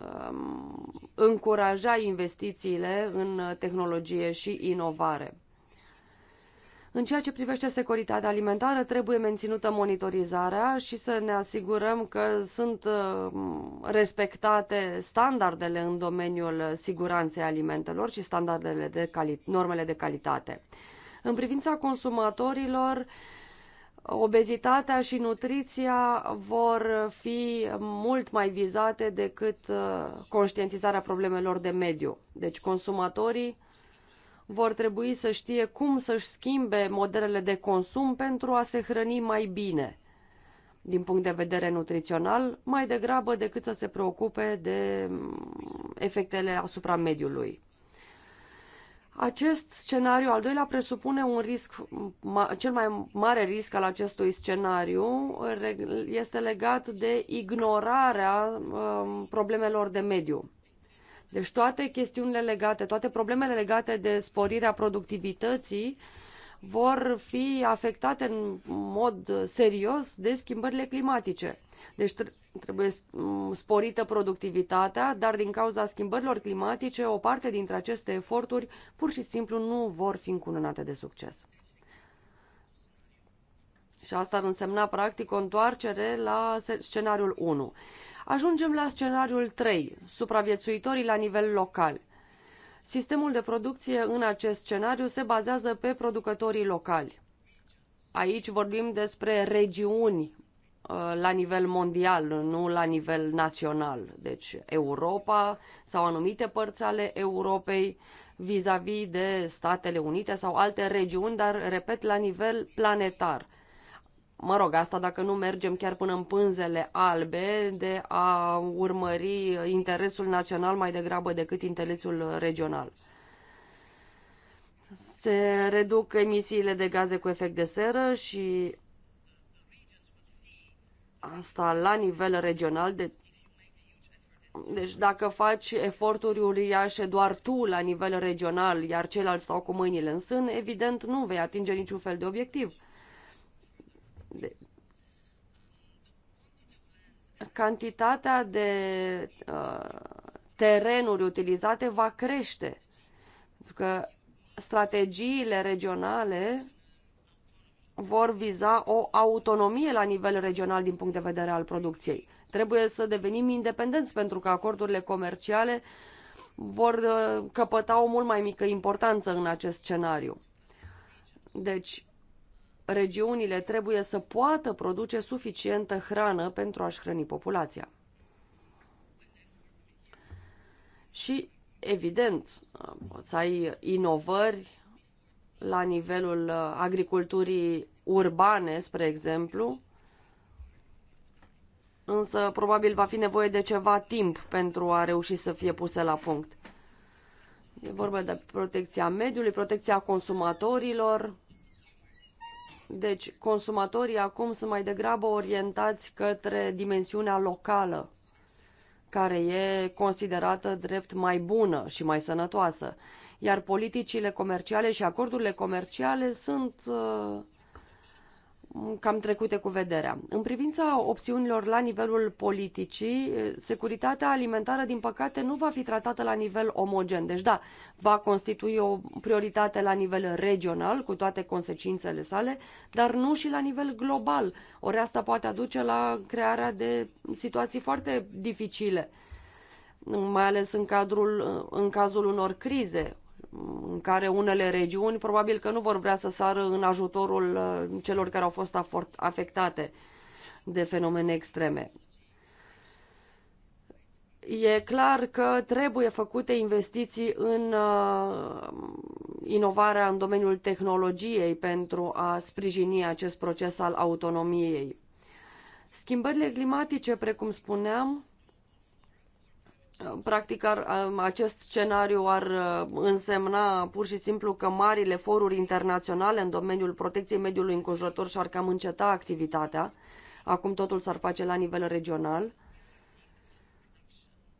um, încuraja investițiile în tehnologie și inovare. În ceea ce privește securitatea alimentară, trebuie menținută monitorizarea și să ne asigurăm că sunt uh, respectate standardele în domeniul siguranței alimentelor și standardele de normele de calitate. În privința consumatorilor, obezitatea și nutriția vor fi mult mai vizate decât uh, conștientizarea problemelor de mediu. Deci consumatorii vor trebui să știe cum să-și schimbe modelele de consum pentru a se hrăni mai bine, din punct de vedere nutrițional, mai degrabă decât să se preocupe de mm, efectele asupra mediului. Acest scenariu al doilea presupune un risc, mm, cel mai mare risc al acestui scenariu este legat de ignorarea mm, problemelor de mediu. Deci toate chestiunile legate, toate problemele legate de sporirea productivității vor fi afectate în mod serios de schimbările climatice. Deci trebuie mm, sporită productivitatea, dar din cauza schimbărilor climatice, o parte dintre aceste eforturi pur și simplu nu vor fi încununate de succes. Și asta ar însemna, practic, o întoarcere la scenariul 1. Ajungem la scenariul 3, supraviețuitorii la nivel local. Sistemul de producție în acest scenariu se bazează pe producătorii locali. Aici vorbim despre regiuni uh, la nivel mondial, nu la nivel național. Deci Europa sau anumite părți ale Europei vis-a-vis -vis de Statele Unite sau alte regiuni, dar, repet, la nivel planetar mă rog, asta dacă nu mergem chiar până în pânzele albe de a urmări interesul național mai degrabă decât interesul regional. Se reduc emisiile de gaze cu efect de seră și asta la nivel regional. De... Deci dacă faci eforturi uriașe doar tu la nivel regional, iar ceilalți stau cu mâinile în sân, evident nu vei atinge niciun fel de obiectiv de, cantitatea de uh, terenuri utilizate va crește. Pentru că strategiile regionale vor viza o autonomie la nivel regional din punct de vedere al producției. Trebuie să devenim independenți pentru că acordurile comerciale vor uh, căpăta o mult mai mică importanță în acest scenariu. Deci, regiunile trebuie să poată produce suficientă hrană pentru a-și hrăni populația. Și, evident, poți să ai inovări la nivelul agriculturii urbane, spre exemplu, însă probabil va fi nevoie de ceva timp pentru a reuși să fie puse la punct. E vorba de protecția mediului, protecția consumatorilor, deci, consumatorii acum sunt mai degrabă orientați către dimensiunea locală, care e considerată drept mai bună și mai sănătoasă, iar politicile comerciale și acordurile comerciale sunt uh, cam trecute cu vederea. În privința opțiunilor la nivelul politicii, securitatea alimentară, din păcate, nu va fi tratată la nivel omogen. Deci, da, va constitui o prioritate la nivel regional, cu toate consecințele sale, dar nu și la nivel global. Ori asta poate aduce la crearea de situații foarte dificile, mai ales în, cadrul, în cazul unor crize în care unele regiuni probabil că nu vor vrea să sară în ajutorul uh, celor care au fost afectate de fenomene extreme. E clar că trebuie făcute investiții în uh, inovarea în domeniul tehnologiei pentru a sprijini acest proces al autonomiei. Schimbările climatice, precum spuneam, Practic, ar, acest scenariu ar uh, însemna pur și simplu că marile foruri internaționale în domeniul protecției mediului înconjurător și-ar cam înceta activitatea. Acum totul s-ar face la nivel regional.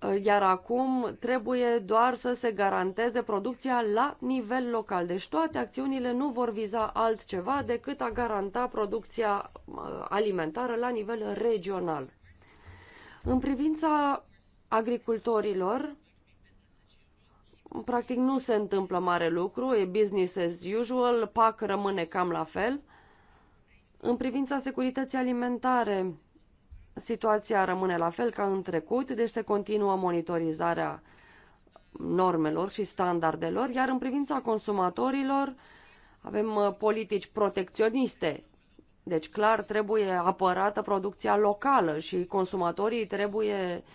Uh, iar acum trebuie doar să se garanteze producția la nivel local. Deci toate acțiunile nu vor viza altceva decât a garanta producția uh, alimentară la nivel regional. În privința agricultorilor practic nu se întâmplă mare lucru, e business as usual, PAC rămâne cam la fel. În privința securității alimentare, situația rămâne la fel ca în trecut, deci se continuă monitorizarea normelor și standardelor, iar în privința consumatorilor avem uh, politici protecționiste. Deci clar trebuie apărată producția locală și consumatorii trebuie uh,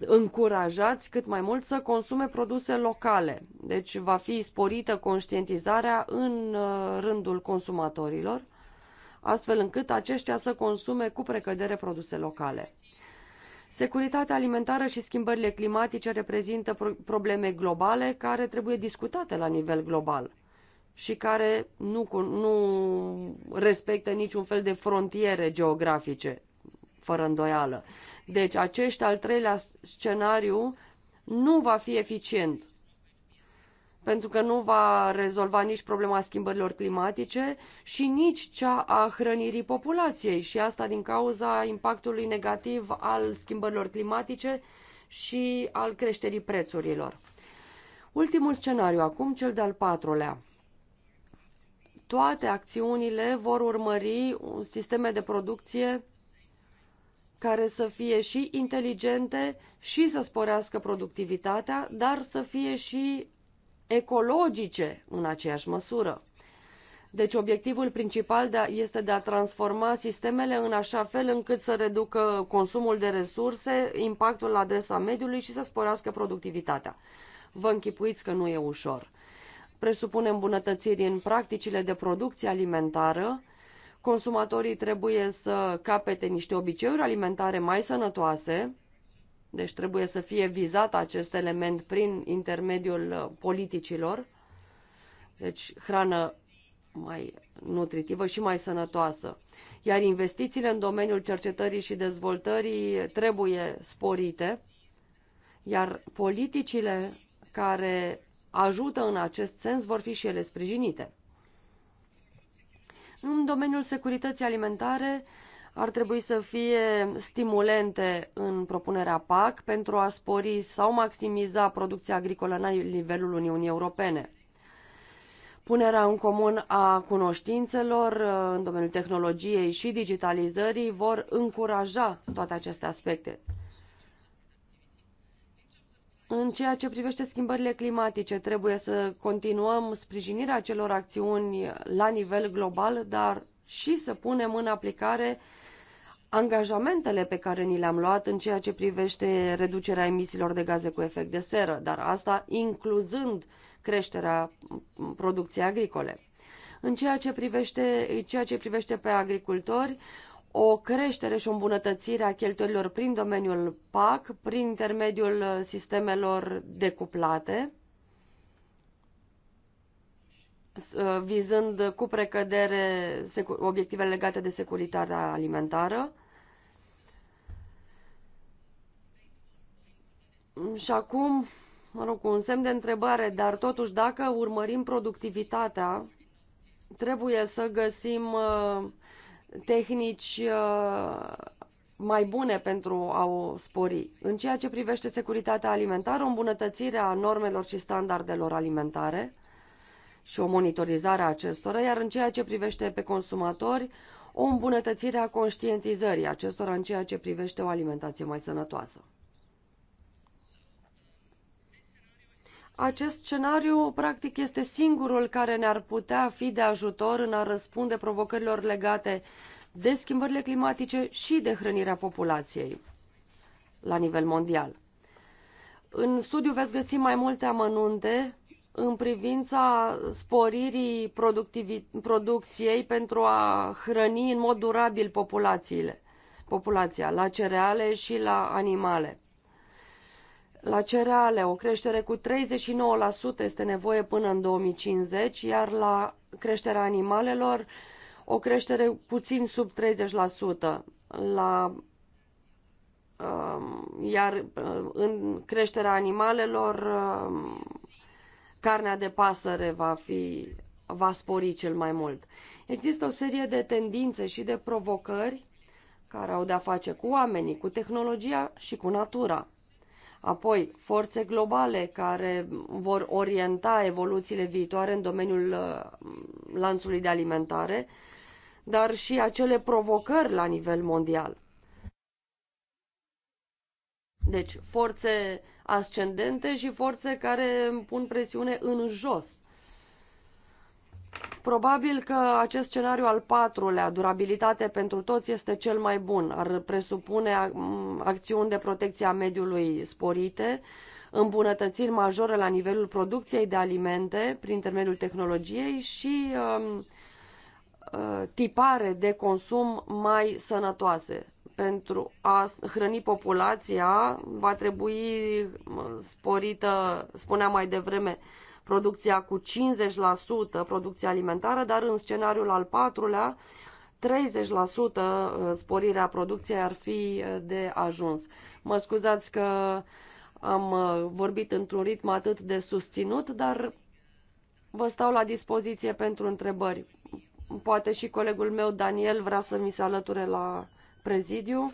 încurajați cât mai mult să consume produse locale. Deci va fi sporită conștientizarea în uh, rândul consumatorilor, astfel încât aceștia să consume cu precădere produse locale. Securitatea alimentară și schimbările climatice reprezintă probleme globale care trebuie discutate la nivel global și care nu, nu respectă niciun fel de frontiere geografice, fără îndoială. Deci acest al treilea scenariu nu va fi eficient pentru că nu va rezolva nici problema schimbărilor climatice și nici cea a hrănirii populației și asta din cauza impactului negativ al schimbărilor climatice și al creșterii prețurilor. Ultimul scenariu acum, cel de-al patrulea. Toate acțiunile vor urmări sisteme de producție care să fie și inteligente și să sporească productivitatea, dar să fie și ecologice în aceeași măsură. Deci obiectivul principal de a, este de a transforma sistemele în așa fel încât să reducă consumul de resurse, impactul la adresa mediului și să sporească productivitatea. Vă închipuiți că nu e ușor. Presupune îmbunătățiri în practicile de producție alimentară, Consumatorii trebuie să capete niște obiceiuri alimentare mai sănătoase, deci trebuie să fie vizat acest element prin intermediul uh, politicilor, deci hrană mai nutritivă și mai sănătoasă. Iar investițiile în domeniul cercetării și dezvoltării trebuie sporite, iar politicile care ajută în acest sens vor fi și ele sprijinite. În domeniul securității alimentare ar trebui să fie stimulente în propunerea PAC pentru a spori sau maximiza producția agricolă la nivelul Uniunii Europene. Punerea în comun a cunoștințelor uh, în domeniul tehnologiei și digitalizării vor încuraja toate aceste aspecte. În ceea ce privește schimbările climatice, trebuie să continuăm sprijinirea acelor acțiuni la nivel global, dar și să punem în aplicare angajamentele pe care ni le-am luat în ceea ce privește reducerea emisiilor de gaze cu efect de seră, dar asta incluzând creșterea producției agricole. În ceea ce privește, ceea ce privește pe agricultori, o creștere și o îmbunătățire a cheltuielilor prin domeniul PAC, prin intermediul uh, sistemelor decuplate, uh, vizând cu precădere obiectivele legate de securitatea alimentară. Și acum, mă rog, cu un semn de întrebare, dar totuși dacă urmărim productivitatea, trebuie să găsim uh, tehnici uh, mai bune pentru a o spori. În ceea ce privește securitatea alimentară, o îmbunătățire a normelor și standardelor alimentare și o monitorizare a acestora, iar în ceea ce privește pe consumatori, o îmbunătățire a conștientizării acestora în ceea ce privește o alimentație mai sănătoasă. Acest scenariu, practic, este singurul care ne-ar putea fi de ajutor în a răspunde provocărilor legate de schimbările climatice și de hrănirea populației la nivel mondial. În studiu veți găsi mai multe amănunte în privința sporirii producției pentru a hrăni în mod durabil populațiile, populația la cereale și la animale. La cereale, o creștere cu 39% este nevoie până în 2050, iar la creșterea animalelor, o creștere puțin sub 30%. La, uh, iar uh, în creșterea animalelor, uh, carnea de pasăre va fi va spori cel mai mult. Există o serie de tendințe și de provocări care au de-a face cu oamenii, cu tehnologia și cu natura. Apoi, forțe globale care vor orienta evoluțiile viitoare în domeniul uh, lanțului de alimentare, dar și acele provocări la nivel mondial. Deci, forțe ascendente și forțe care pun presiune în jos. Probabil că acest scenariu al patrulea, durabilitate pentru toți, este cel mai bun. Ar presupune acțiuni de protecție a mediului sporite, îmbunătățiri majore la nivelul producției de alimente prin intermediul tehnologiei și um, uh, tipare de consum mai sănătoase. Pentru a hrăni populația va trebui uh, sporită, spuneam mai devreme, producția cu 50%, producția alimentară, dar în scenariul al patrulea, 30% uh, sporirea producției ar fi uh, de ajuns. Mă scuzați că am uh, vorbit într-un ritm atât de susținut, dar vă stau la dispoziție pentru întrebări. Poate și colegul meu, Daniel, vrea să mi se alăture la prezidiu.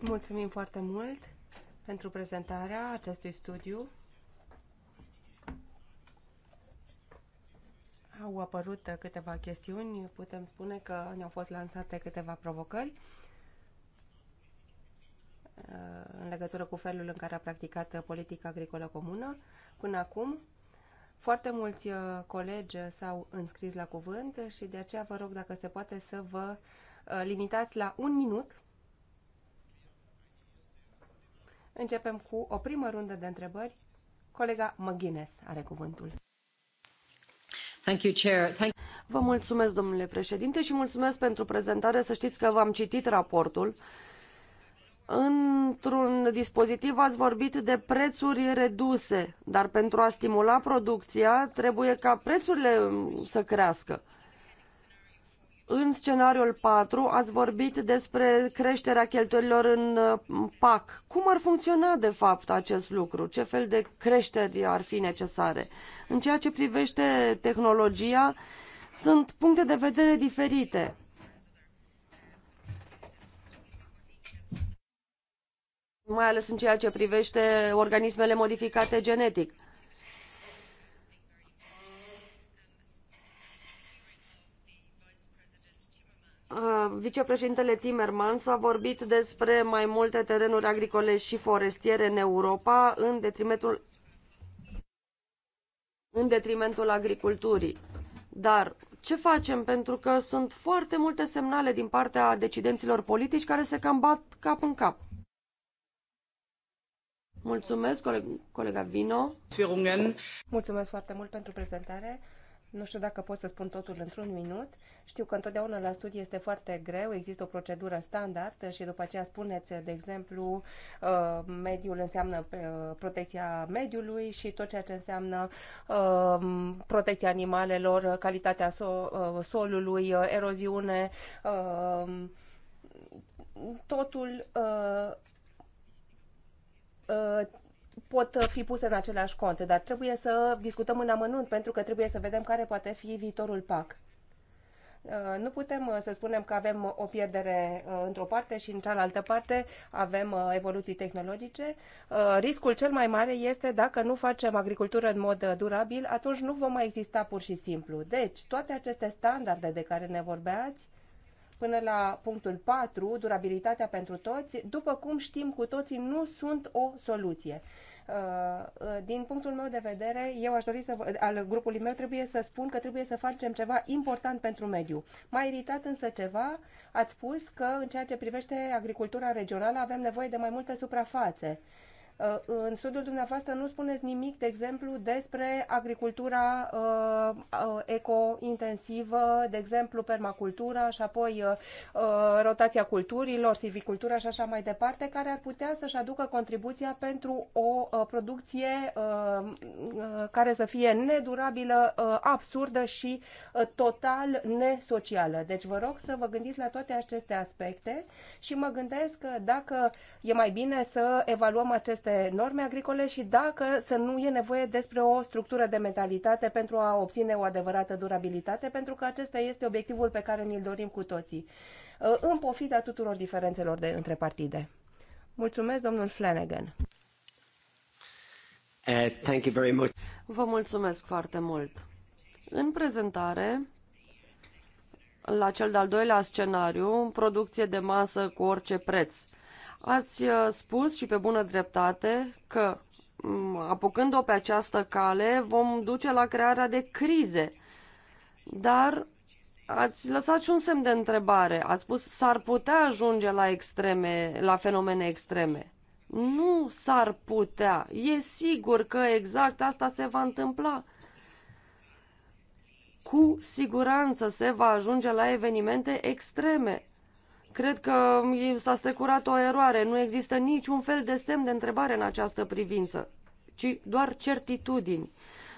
Mulțumim foarte mult pentru prezentarea acestui studiu. Au apărut câteva chestiuni, putem spune că ne-au fost lansate câteva provocări uh, în legătură cu felul în care a practicat politica agricolă comună până acum. Foarte mulți uh, colegi s-au înscris la cuvânt și de aceea vă rog dacă se poate să vă uh, limitați la un minut Începem cu o primă rundă de întrebări. Colega McGuinness are cuvântul. Thank you, Chair. Thank Vă mulțumesc, domnule președinte, și mulțumesc pentru prezentare. Să știți că v-am citit raportul. Într-un dispozitiv ați vorbit de prețuri reduse, dar pentru a stimula producția trebuie ca prețurile să crească. În scenariul 4 ați vorbit despre creșterea cheltuielilor în uh, PAC. Cum ar funcționa de fapt acest lucru? Ce fel de creșteri ar fi necesare? În ceea ce privește tehnologia, sunt puncte de vedere diferite. mai ales în ceea ce privește organismele modificate genetic. Uh, vicepreședintele Timmermans a vorbit despre mai multe terenuri agricole și forestiere în Europa în detrimentul, în detrimentul agriculturii. Dar ce facem? Pentru că sunt foarte multe semnale din partea decidenților politici care se cam bat cap în cap. Mulțumesc, coleg colega Vino. Mulțumesc foarte mult pentru prezentare. Nu știu dacă pot să spun totul într-un minut. Știu că întotdeauna la studii este foarte greu, există o procedură standard și după aceea spuneți, de exemplu, uh, mediul înseamnă uh, protecția mediului și tot ceea ce înseamnă uh, protecția animalelor, calitatea solului, eroziune, totul pot uh, fi puse în același cont, dar trebuie să discutăm în amănunt pentru că trebuie să vedem care poate fi viitorul PAC. Uh, nu putem uh, să spunem că avem o pierdere într-o parte și în cealaltă parte avem evoluții tehnologice. Riscul cel mai mare este dacă nu facem agricultură în mod durabil, atunci nu vom mai exista pur și simplu. Deci, toate aceste standarde de care ne vorbeați până la punctul 4, durabilitatea pentru toți, după cum știm cu toții, nu sunt o soluție. Uh, uh, din punctul meu de vedere, eu aș dori să, al grupului meu, trebuie să spun că trebuie să facem ceva important pentru mediu. M-a iritat însă ceva, ați spus că în ceea ce privește agricultura regională avem nevoie de mai multe suprafațe. Uh, în studiul dumneavoastră nu spuneți nimic, de exemplu, despre agricultura uh, uh, eco-intensivă, de exemplu, permacultura și apoi rotația culturilor, silvicultura și așa mai departe, care ar putea să-și aducă contribuția pentru o producție care să fie nedurabilă, absurdă și total nesocială. Deci vă rog să vă gândiți la toate aceste aspecte și mă gândesc că dacă e mai bine să evaluăm acest aceste norme agricole și dacă să nu e nevoie despre o structură de mentalitate pentru a obține o adevărată durabilitate, pentru că acesta este obiectivul pe care ni-l dorim cu toții, uh, în pofida tuturor diferențelor de între partide. Mulțumesc, domnul Flanagan. Uh, thank you very much. Vă mulțumesc foarte mult. În prezentare, la cel de-al doilea scenariu, producție de masă cu orice preț – Ați uh, spus și pe bună dreptate că mm, apucând-o pe această cale vom duce la crearea de crize. Dar ați lăsat și un semn de întrebare. Ați spus s-ar putea ajunge la extreme, la fenomene extreme. Nu s-ar putea. E sigur că exact asta se va întâmpla. Cu siguranță se va ajunge la evenimente extreme Cred că s-a strecurat o eroare. Nu există niciun fel de semn de întrebare în această privință, ci doar certitudini.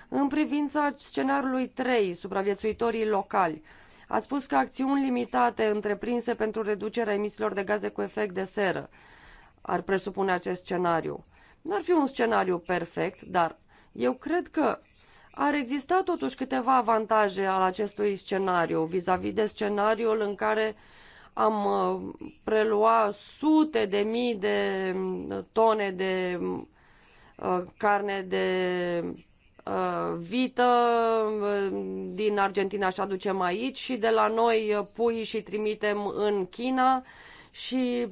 În privința scenariului 3, supraviețuitorii locali, ați spus că acțiuni limitate întreprinse pentru reducerea emisiilor de gaze cu efect de seră ar presupune acest scenariu. Nu ar fi un scenariu perfect, dar eu cred că ar exista totuși câteva avantaje al acestui scenariu vis-a-vis -vis de scenariul în care uh, am uh, preluat sute de mii de uh, tone de uh, carne de vită din Argentina și aducem aici și de la noi pui și trimitem în China și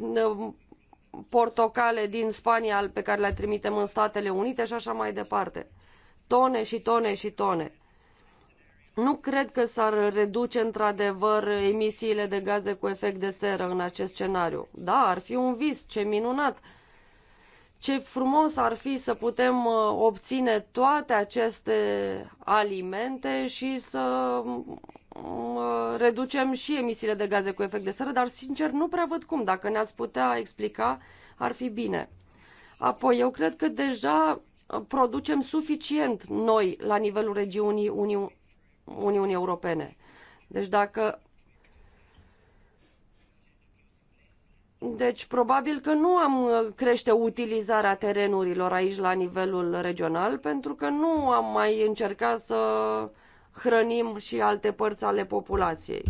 portocale din Spania pe care le trimitem în Statele Unite și așa mai departe. Tone și tone și tone. Nu cred că s-ar reduce într-adevăr emisiile de gaze cu efect de seră în acest scenariu. Da, ar fi un vis, ce minunat! Ce frumos ar fi să putem uh, obține toate aceste alimente și să mm, uh, reducem și emisiile de gaze cu efect de seră, dar sincer nu prea văd cum. Dacă ne-ați putea explica, ar fi bine. Apoi, eu cred că deja uh, producem suficient noi la nivelul regiunii Uniunii Uniunii Europene. Deci dacă Deci, probabil că nu am uh, crește utilizarea terenurilor aici la nivelul regional, pentru că nu am mai încercat să hrănim și alte părți ale populației.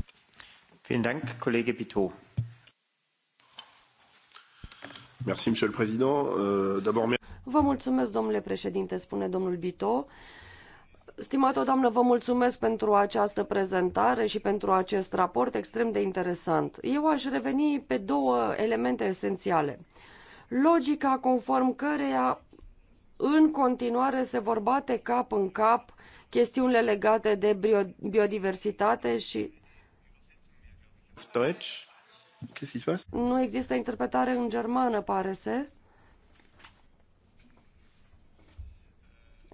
Vielen Dank, Kollege Merci, Monsieur le Président. Euh, Vă mulțumesc, domnule președinte, spune domnul Bito. Stimată doamnă, vă mulțumesc pentru această prezentare și pentru acest raport extrem de interesant. Eu aș reveni pe două elemente esențiale. Logica conform căreia în continuare se vor bate cap în cap chestiunile legate de biodiversitate și... Deutsch? Nu există interpretare în germană, pare să.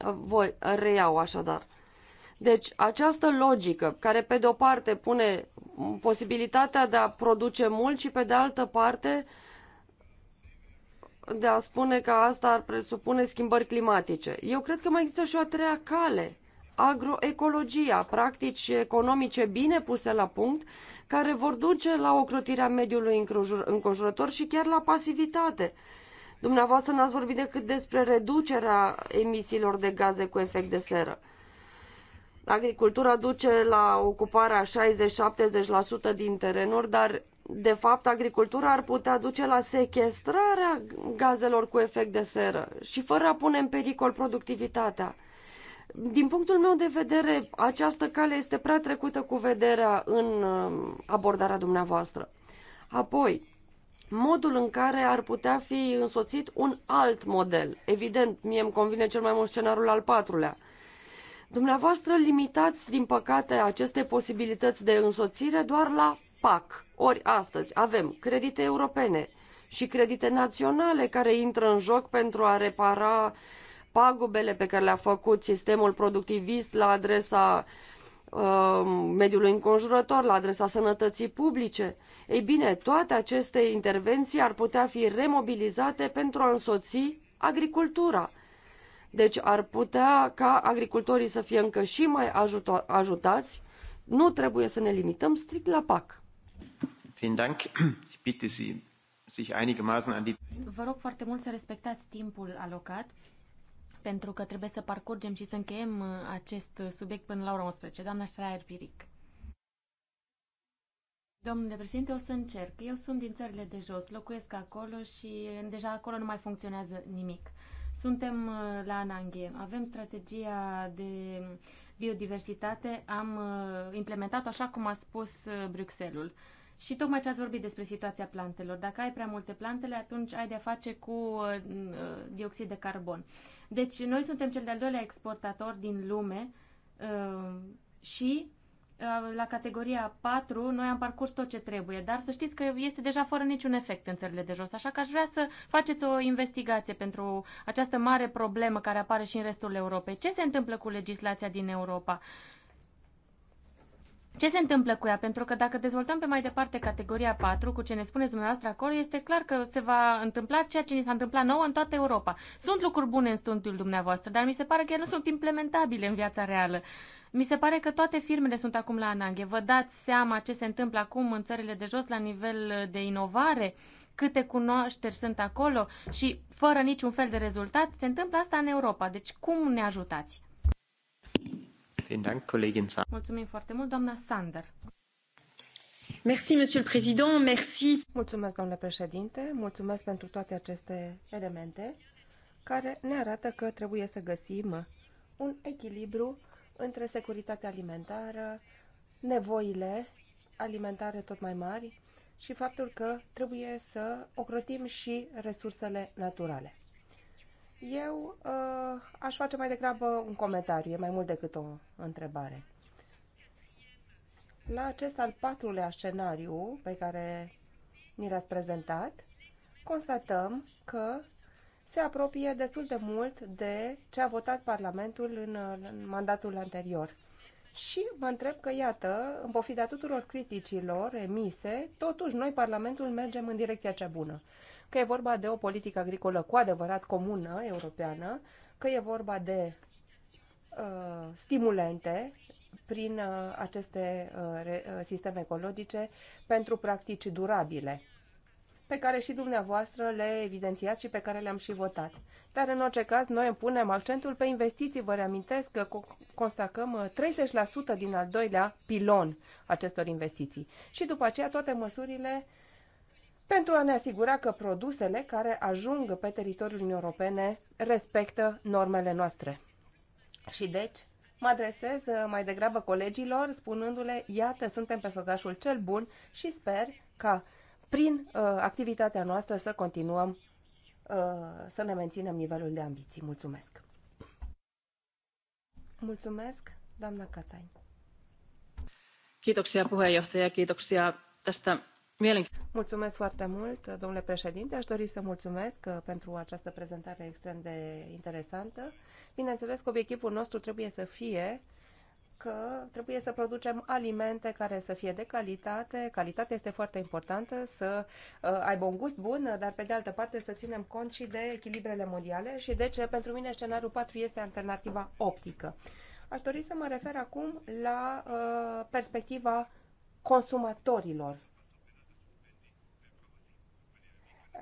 Voi reiau așadar. Deci, această logică, care pe de-o parte pune posibilitatea de a produce mult și pe de altă parte de a spune că asta ar presupune schimbări climatice. Eu cred că mai există și o a treia cale, agroecologia, practici economice bine puse la punct, care vor duce la ocrotirea mediului înconjurător și chiar la pasivitate. Dumneavoastră n-ați vorbit decât despre reducerea emisiilor de gaze cu efect de seră. Agricultura duce la ocuparea 60-70% din terenuri, dar de fapt agricultura ar putea duce la sequestrarea gazelor cu efect de seră și fără a pune în pericol productivitatea. Din punctul meu de vedere, această cale este prea trecută cu vederea în um, abordarea dumneavoastră. Apoi, modul în care ar putea fi însoțit un alt model. Evident, mie îmi convine cel mai mult scenariul al patrulea. Dumneavoastră limitați, din păcate, aceste posibilități de însoțire doar la PAC. Ori astăzi avem credite europene și credite naționale care intră în joc pentru a repara pagubele pe care le-a făcut sistemul productivist la adresa uh, Um, mediului înconjurător, la adresa sănătății publice. Ei bine, toate aceste intervenții ar putea fi remobilizate pentru a însoți agricultura. Deci ar putea ca agricultorii să fie încă și mai ajutați. Nu trebuie să ne limităm strict la PAC. Vă rog foarte mult să respectați timpul alocat pentru că trebuie să parcurgem și să încheiem uh, acest uh, subiect până la ora 11. Doamna Schreier Piric. Domnule președinte, o să încerc. Eu sunt din țările de jos, locuiesc acolo și deja acolo nu mai funcționează nimic. Suntem uh, la Ananghe, avem strategia de biodiversitate, am implementat-o așa cum a spus Bruxelles. Și tocmai ce ați vorbit despre situația plantelor. Dacă ai prea multe plantele, atunci ai de-a face cu dioxid de carbon. Uh, deci noi suntem cel de-al doilea exportator din lume uh, și uh, la categoria 4 noi am parcurs tot ce trebuie, dar să știți că este deja fără niciun efect în țările de jos, așa că aș vrea să faceți o investigație pentru această mare problemă care apare și în restul Europei. Ce se întâmplă cu legislația din Europa? Ce se întâmplă cu ea? Pentru că dacă dezvoltăm pe mai departe categoria 4, cu ce ne spuneți dumneavoastră acolo, este clar că se va întâmpla ceea ce ni s-a întâmplat nouă în toată Europa. Sunt lucruri bune în stuntul dumneavoastră, dar mi se pare că ele nu sunt implementabile în viața reală. Mi se pare că toate firmele sunt acum la ananghe. Vă dați seama ce se întâmplă acum în țările de jos la nivel de inovare? câte cunoașteri sunt acolo și fără niciun fel de rezultat, se întâmplă asta în Europa. Deci cum ne ajutați? Mulțumim foarte mult, doamna Sander. Merci, Monsieur le Président, merci. Mulțumesc, domnule președinte, mulțumesc pentru toate aceste elemente care ne arată că trebuie să găsim un echilibru între securitatea alimentară, nevoile alimentare tot mai mari și faptul că trebuie să ocrotim și resursele naturale. Eu uh, aș face mai degrabă un comentariu, e mai mult decât o întrebare. La acest al patrulea scenariu pe care ni l-ați prezentat, constatăm că se apropie destul de mult de ce a votat Parlamentul în, în mandatul anterior. Și mă întreb că, iată, în pofida tuturor criticilor emise, totuși noi, Parlamentul, mergem în direcția cea bună că e vorba de o politică agricolă cu adevărat comună, europeană, că e vorba de uh, stimulente prin uh, aceste uh, re, uh, sisteme ecologice pentru practici durabile pe care și dumneavoastră le evidențiați și pe care le-am și votat. Dar în orice caz, noi punem accentul pe investiții. Vă reamintesc că constatăm 30% uh, din al doilea pilon acestor investiții. Și după aceea toate măsurile uh, pentru a ne asigura că produsele care ajung pe teritoriul Uniunii Europene respectă normele noastre. Și deci, mă adresez uh, mai degrabă colegilor, spunându-le, iată, suntem pe făgașul cel bun și sper ca prin uh, activitatea noastră să continuăm uh, să ne menținem nivelul de ambiții. Mulțumesc! Mulțumesc, doamna Catain. Kiitoksia puheenjohtaja, kiitoksia tästä Mulțumesc foarte mult, domnule președinte. Aș dori să mulțumesc uh, pentru această prezentare extrem de interesantă. Bineînțeles că obiectivul nostru trebuie să fie că trebuie să producem alimente care să fie de calitate. Calitatea este foarte importantă, să uh, aibă un gust bun, dar pe de altă parte să ținem cont și de echilibrele mondiale și de ce? pentru mine scenariul 4 este alternativa optică. Aș dori să mă refer acum la uh, perspectiva consumatorilor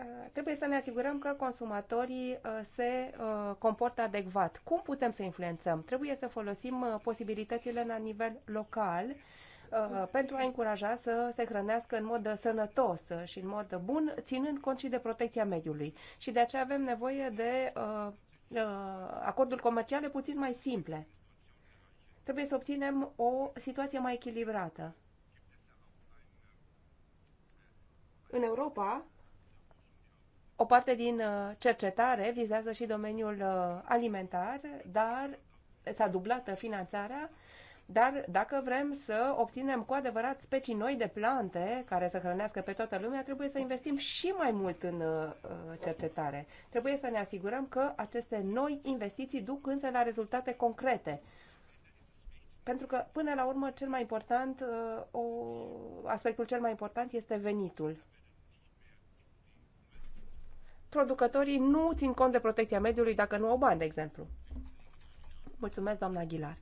Eh, trebuie să ne asigurăm că consumatorii eh, se eh, comportă adecvat. Cum putem să influențăm? Trebuie să folosim posibilitățile la nivel local pentru a încuraja să se hrănească în mod sănătos și în mod bun, ținând cont și de protecția mediului. Și de aceea avem nevoie de acorduri comerciale puțin mai simple. Trebuie să obținem o situație mai echilibrată. În Europa, o parte din uh, cercetare vizează și domeniul uh, alimentar, dar s-a dublat finanțarea, dar dacă vrem să obținem cu adevărat specii noi de plante care să hrănească pe toată lumea, trebuie să investim și mai mult în uh, cercetare. Trebuie să ne asigurăm că aceste noi investiții duc însă la rezultate concrete. Pentru că, până la urmă, cel mai important, o, aspectul cel mai important este venitul producătorii nu țin cont de protecția mediului dacă nu au bani, de exemplu. Mulțumesc, doamna Aguilar.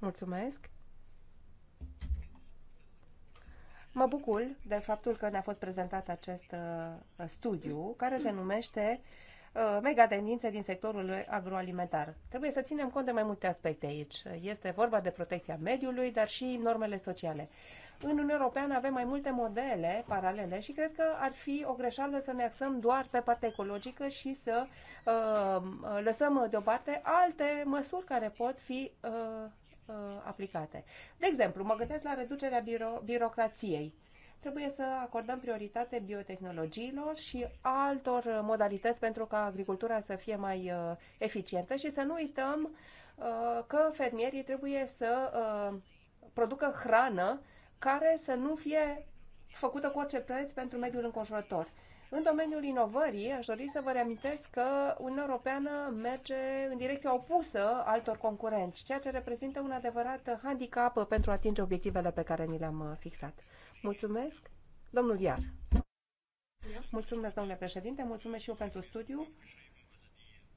Mulțumesc. Mă bucur de faptul că ne-a fost prezentat acest uh, studiu care se numește uh, Uh, mega tendințe din sectorul agroalimentar. Trebuie să ținem cont de mai multe aspecte aici. Este vorba de protecția mediului, dar și normele sociale. În Uniunea Europeană avem mai multe modele paralele și cred că ar fi o greșeală să ne axăm doar pe partea ecologică și să uh, lăsăm deoparte alte măsuri care pot fi uh, uh, aplicate. De exemplu, mă gândesc la reducerea biro- birocrației. Uh, trebuie să acordăm prioritate biotehnologiilor și altor modalități pentru ca agricultura să fie mai uh, eficientă și să nu uităm uh, că fermierii trebuie să uh, producă hrană care să nu fie făcută cu orice preț pentru mediul înconjurător. În domeniul inovării, aș dori să vă reamintesc că Uniunea Europeană merge în direcția opusă altor concurenți, ceea ce reprezintă un adevărat handicap pentru a atinge obiectivele pe care ni le-am fixat. Mulțumesc. Domnul Iar. Mulțumesc, domnule președinte, mulțumesc și eu pentru studiu.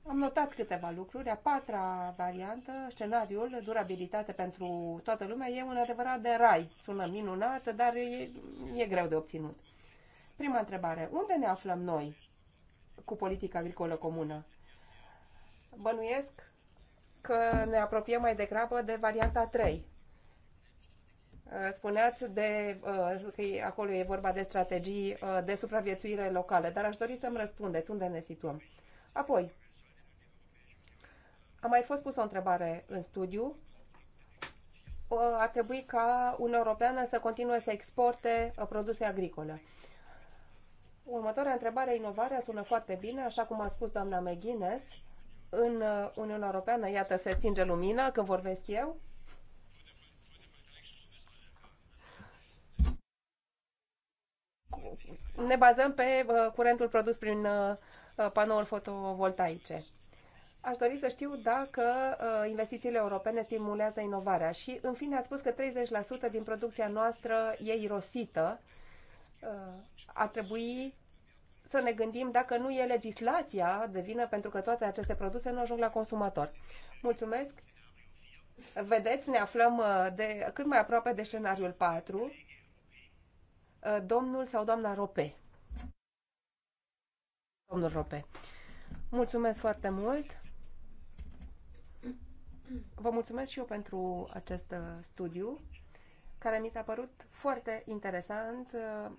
Am notat câteva lucruri. A patra variantă, scenariul, durabilitate pentru toată lumea, e un adevărat de rai. Sună minunat, dar e, e greu de obținut. Prima întrebare. Unde ne aflăm noi cu politica agricolă comună? Bănuiesc că ne apropiem mai degrabă de varianta 3, Uh, spuneați de, uh, că acolo e vorba de strategii uh, de supraviețuire locale, dar aș dori să-mi răspundeți unde ne situăm. Apoi, a mai fost pus o întrebare în studiu. Ar trebui ca Uniunea Europeană să continue să exporte produse agricole. Următoarea întrebare, inovarea, sună foarte bine, așa cum a spus doamna McGuinness. În Uniunea Europeană, iată, se stinge lumină când vorbesc eu. ne bazăm pe uh, curentul produs prin uh, uh, panouri fotovoltaice. Aș dori să știu dacă investițiile europene stimulează inovarea și, în fine, ați spus că 30% din producția noastră e irosită. Ar trebui să ne gândim dacă nu e legislația de vină pentru că toate aceste produse nu ajung la consumator. Mulțumesc! Vedeți, ne aflăm de, cât mai aproape de scenariul 4 Uh, domnul sau doamna Rope. Domnul Rope. Mulțumesc foarte mult. Vă mulțumesc și eu pentru acest uh, studiu, care mi s-a părut foarte interesant. Uh,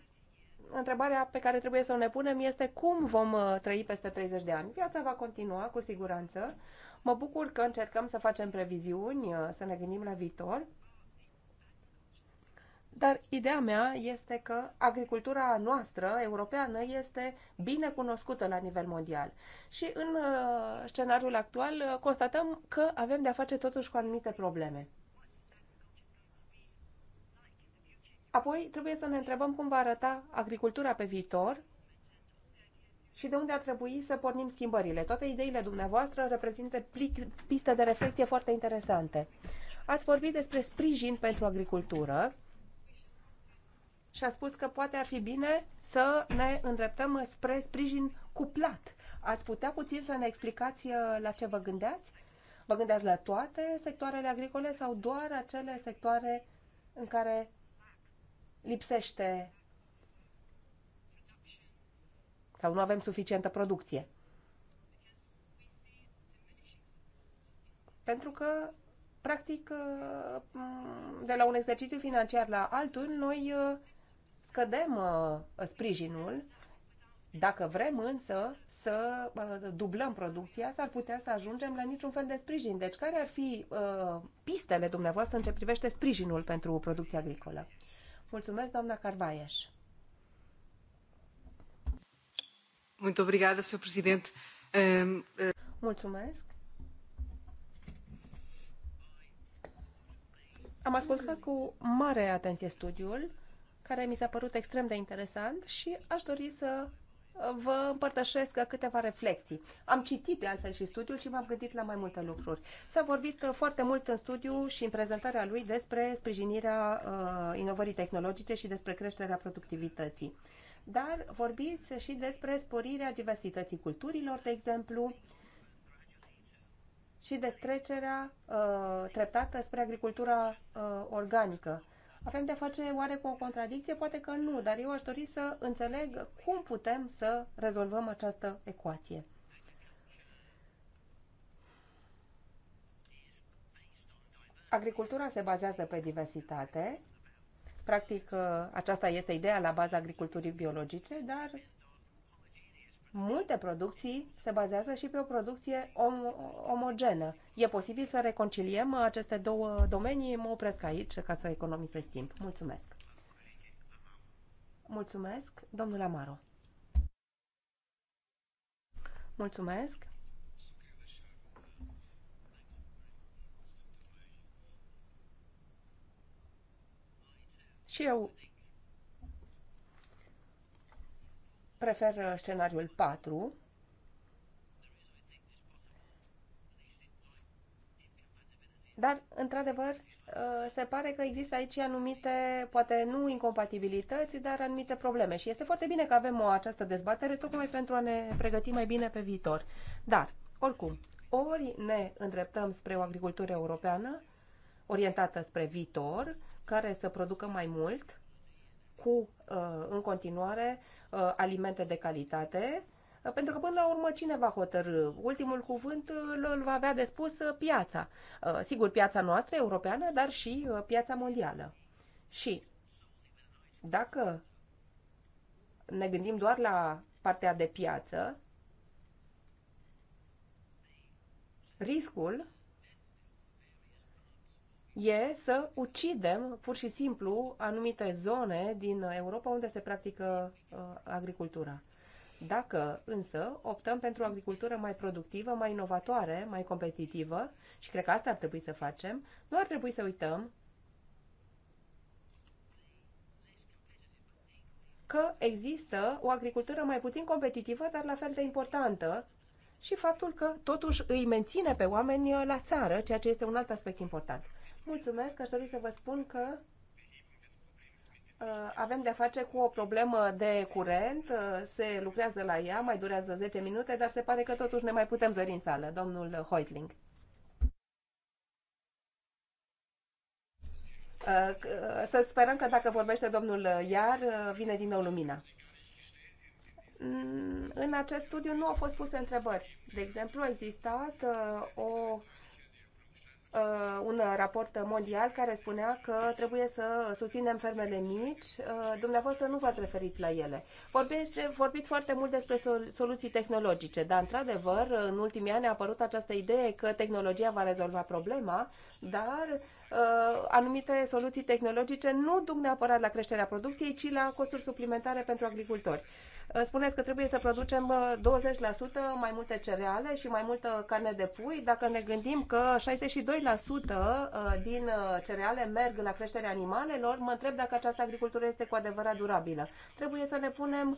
întrebarea pe care trebuie să o ne punem este cum vom trăi peste 30 de ani. Viața va continua, cu siguranță. Mă bucur că încercăm să facem previziuni, să ne gândim la viitor, dar ideea mea este că agricultura noastră, europeană, este bine cunoscută la nivel mondial. Și în uh, scenariul actual uh, constatăm că avem de-a face totuși cu anumite probleme. Apoi trebuie să ne întrebăm cum va arăta agricultura pe viitor și de unde ar trebui să pornim schimbările. Toate ideile dumneavoastră reprezintă piste de reflexie foarte interesante. Ați vorbit despre sprijin pentru agricultură și a spus că poate ar fi bine să ne îndreptăm spre sprijin cuplat. Ați putea puțin să ne explicați uh, la ce vă gândeați? Vă gândeați la toate sectoarele agricole sau doar acele sectoare în care lipsește sau nu avem suficientă producție? Pentru că practic, uh, de la un exercițiu financiar la altul, noi uh, scădem uh, sprijinul. Dacă vrem însă să uh, dublăm producția, s-ar putea să ajungem la niciun fel de sprijin. Deci care ar fi uh, pistele dumneavoastră în ce privește sprijinul pentru producția agricolă? Mulțumesc, doamna Carvaieș. Muito obrigada, Sr. Presidente. Ehm, eh, Mulțumesc. Am ascultat cu mare atenție studiul care mi s-a părut extrem de interesant și aș dori să uh, vă împărtășesc câteva reflexii. Am citit de altfel și studiul și m-am gândit la mai multe lucruri. S-a vorbit uh, foarte mult în studiu și în prezentarea lui despre sprijinirea uh, inovării tehnologice și despre creșterea productivității. Dar vorbiți și despre sporirea diversității culturilor, de exemplu, și de trecerea uh, treptată spre agricultura uh, organică avem de-a face oare cu o contradicție? Poate că nu, dar eu aș dori să înțeleg cum putem să rezolvăm această ecuație. Agricultura se bazează pe diversitate. Practic, aceasta este ideea la baza agriculturii biologice, dar multe producții se bazează și pe o producție om- omogenă. E posibil să reconciliem aceste două domenii? Mă opresc aici ca să economisesc timp. Mulțumesc! Mulțumesc, domnule Amaro. Mulțumesc. Și eu prefer uh, scenariul 4. Dar, într-adevăr, uh, se pare că există aici anumite, poate nu incompatibilități, dar anumite probleme. Și este foarte bine că avem o uh, această dezbatere tocmai pentru a ne pregăti mai bine pe viitor. Dar, oricum, ori ne îndreptăm spre o agricultură europeană orientată spre viitor, care să producă mai mult, cu, uh, în continuare, uh, alimente de calitate, uh, pentru că până la urmă cine va hotărâ? Ultimul cuvânt îl va avea de spus piața. Sigur, piața noastră europeană, dar și piața mondială. Și dacă ne gândim doar la partea de piață, riscul e să ucidem pur și simplu anumite zone din Europa unde se practică uh, agricultura. Dacă însă optăm pentru o agricultură mai productivă, mai inovatoare, mai competitivă, și cred că asta ar trebui să facem, nu ar trebui să uităm că există o agricultură mai puțin competitivă, dar la fel de importantă, și faptul că totuși îi menține pe oameni uh, la țară, ceea ce este un alt aspect important. Mulțumesc, aș dori să vă spun că uh, avem de-a face cu o problemă de curent, uh, se lucrează la ea, mai durează 10 minute, dar se pare că totuși ne mai putem zări în sală, domnul Hoitling. Uh, să sperăm că dacă vorbește domnul Iar, vine din nou lumina. În acest studiu nu au fost puse întrebări. De exemplu, a existat o Uh, un raport mondial care spunea că trebuie să susținem fermele mici. Uh, dumneavoastră nu v-ați referit la ele. Vorbiți, vorbiți foarte mult despre soluții tehnologice, dar într-adevăr în ultimii ani a apărut această idee că tehnologia va rezolva problema, dar uh, anumite soluții tehnologice nu duc neapărat la creșterea producției, ci la costuri suplimentare pentru agricultori. Uh, spuneți că trebuie să producem 20% uh, mai multe cereale și mai multă carne de pui. Dacă ne gândim că 62% uh, din cereale merg la creșterea animalelor, mă întreb dacă această agricultură este cu adevărat durabilă. Trebuie să ne punem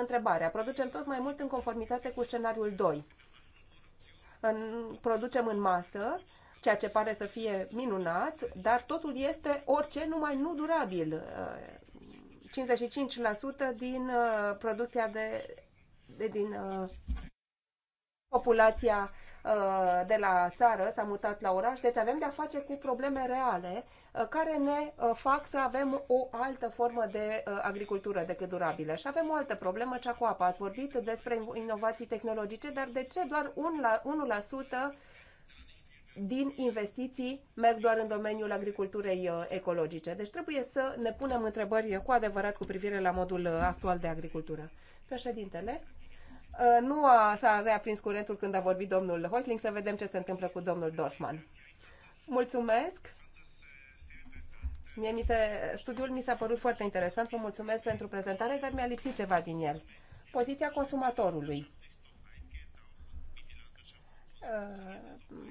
întrebarea. Producem tot mai mult în conformitate cu scenariul 2. În, producem în masă, ceea ce pare să fie minunat, dar totul este orice numai nu durabil. 55% din uh, producția de, de din uh, populația uh, de la țară s-a mutat la oraș, deci avem de-a face cu probleme reale care ne fac să avem o altă formă de agricultură decât durabilă. Și avem o altă problemă, cea cu apa. Ați vorbit despre inovații tehnologice, dar de ce doar 1%, 1 din investiții merg doar în domeniul agriculturii uh, ecologice. Deci trebuie să ne punem întrebări cu adevărat cu privire la modul uh, actual de agricultură. Președintele, uh, nu a, s-a reaprins curentul când a vorbit domnul Hoisling, să vedem ce se întâmplă cu domnul Dorfman. Mulțumesc! Mie mi se, studiul mi s-a părut foarte interesant, vă mulțumesc pentru prezentare, dar mi-a lipsit ceva din el. Poziția consumatorului Uh,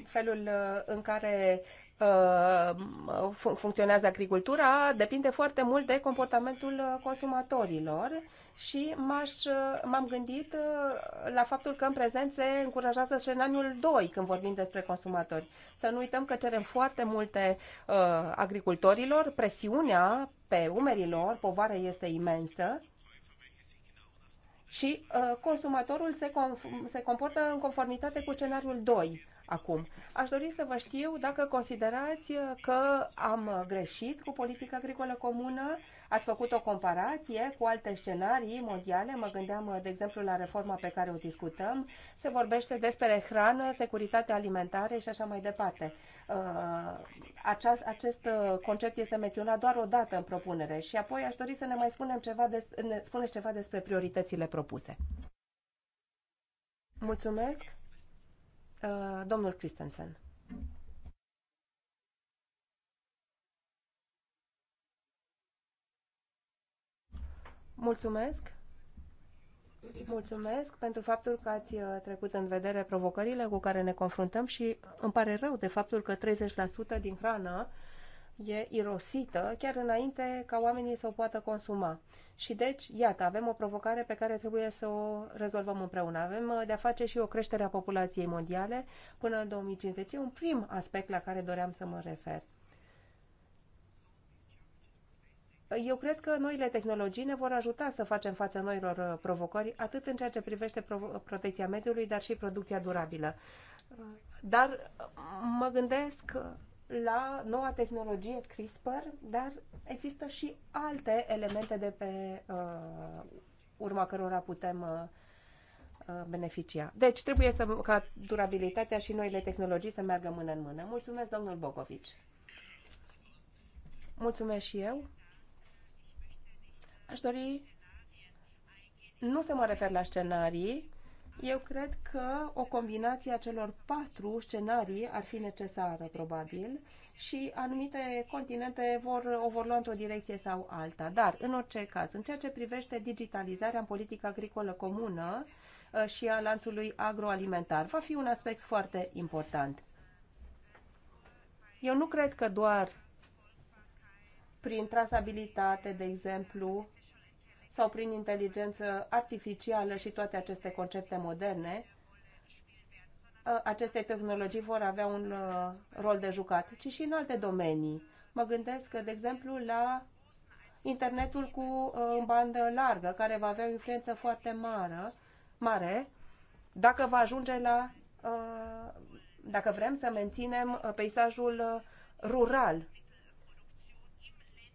felul uh, în care uh, funcționează agricultura depinde foarte mult de comportamentul consumatorilor și m-am gândit la faptul că în prezent se încurajează anul 2 când vorbim despre consumatori. Să nu uităm că cerem foarte multe agricultorilor, presiunea pe umerilor, povara este imensă și uh, consumatorul se, se comportă în conformitate cu scenariul 2 acum. Aș dori să vă știu dacă considerați uh, că am greșit cu politica agricolă comună, ați făcut o comparație cu alte scenarii mondiale, mă gândeam, uh, de exemplu, la reforma pe care o discutăm, se vorbește despre hrană, securitate alimentare și așa mai departe. Uh, aceast, acest uh, concept este menționat doar o dată în propunere și apoi aș dori să ne mai spunem ceva des, ne spuneți ceva despre prioritățile propuse propuse. Mulțumesc, uh, domnul Christensen. Mulțumesc. Mulțumesc pentru faptul că ați uh, trecut în vedere provocările cu care ne confruntăm și îmi pare rău de faptul că 30% din hrană e irosită chiar înainte ca oamenii să o poată consuma. Și deci, iată, avem o provocare pe care trebuie să o rezolvăm împreună. Avem uh, de-a face și o creștere a populației mondiale până în 2050. E un prim aspect la care doream să mă refer. Eu cred că noile tehnologii ne vor ajuta să facem față noilor uh, provocări, atât în ceea ce privește uh, protecția mediului, dar și producția durabilă. Dar mă gândesc la noua tehnologie CRISPR, dar există și alte elemente de pe uh, urma cărora putem uh, uh, beneficia. Deci trebuie să, ca durabilitatea și noile tehnologii să meargă mână în mână. Mulțumesc, domnul Bogovici. Mulțumesc și eu. Aș dori... Nu se mă refer la scenarii, eu cred că o combinație a celor patru scenarii ar fi necesară, probabil, și anumite continente vor, o vor lua într-o direcție sau alta. Dar, în orice caz, în ceea ce privește digitalizarea în politica agricolă comună uh, și a lanțului agroalimentar, va fi un aspect foarte important. Eu nu cred că doar prin trasabilitate, de exemplu, sau prin inteligență artificială și toate aceste concepte moderne, ă, aceste tehnologii vor avea un ă, rol de jucat, ci și în alte domenii. Mă gândesc, de exemplu, la internetul cu ă, bandă largă, care va avea o influență foarte mare, mare dacă va ajunge la dacă vrem să menținem peisajul rural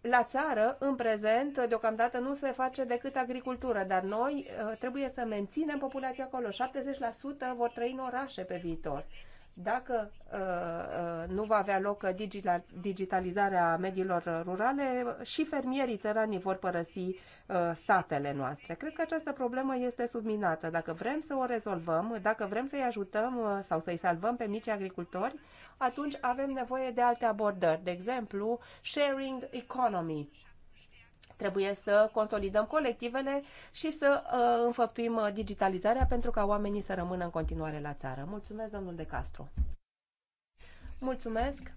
la țară, în prezent, deocamdată nu se face decât agricultură, dar noi uh, trebuie să menținem populația acolo. 70% vor trăi în orașe pe viitor. Dacă uh, uh, nu va avea loc uh, digitalizarea mediilor rurale, și fermierii țăranii vor părăsi satele noastre. Cred că această problemă este subminată. Dacă vrem să o rezolvăm, dacă vrem să-i ajutăm sau să-i salvăm pe mici agricultori, atunci avem nevoie de alte abordări. De exemplu, sharing economy Trebuie să consolidăm colectivele și să uh, înfăptuim uh, digitalizarea pentru ca oamenii să rămână în continuare la țară. Mulțumesc, domnul De Castro. Mulțumesc.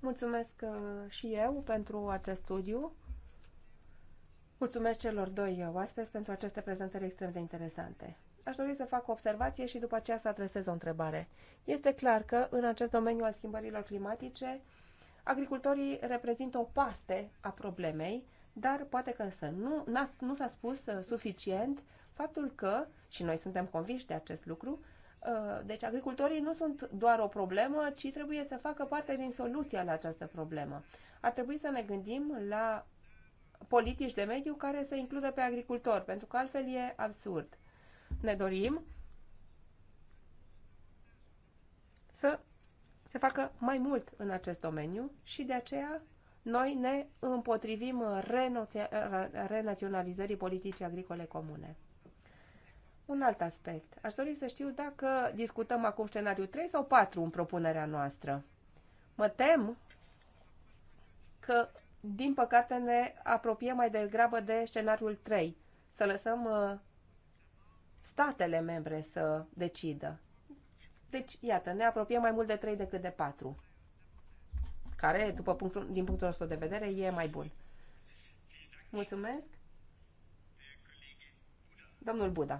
Mulțumesc uh, și eu pentru acest studiu. Mulțumesc celor doi uh, oaspeți pentru aceste prezentări extrem de interesante. Aș dori să fac o observație și după aceea să adresez o întrebare. Este clar că în acest domeniu al schimbărilor climatice, agricultorii reprezintă o parte a problemei, dar poate că însă nu, nu s-a spus uh, suficient faptul că, și noi suntem conviști de acest lucru, uh, deci agricultorii nu sunt doar o problemă, ci trebuie să facă parte din soluția la această problemă. Ar trebui să ne gândim la politici de mediu care să includă pe agricultor, pentru că altfel e absurd. Ne dorim să se facă mai mult în acest domeniu și de aceea noi ne împotrivim renaționalizării politicii agricole comune. Un alt aspect. Aș dori să știu dacă discutăm acum scenariul 3 sau 4 în propunerea noastră. Mă tem că, din păcate, ne apropiem mai degrabă de scenariul 3. Să lăsăm uh, statele membre să decidă. Deci, iată, ne apropiem mai mult de 3 decât de 4, care, după punctul, din punctul nostru de vedere, e mai bun. Mulțumesc. Domnul Buda.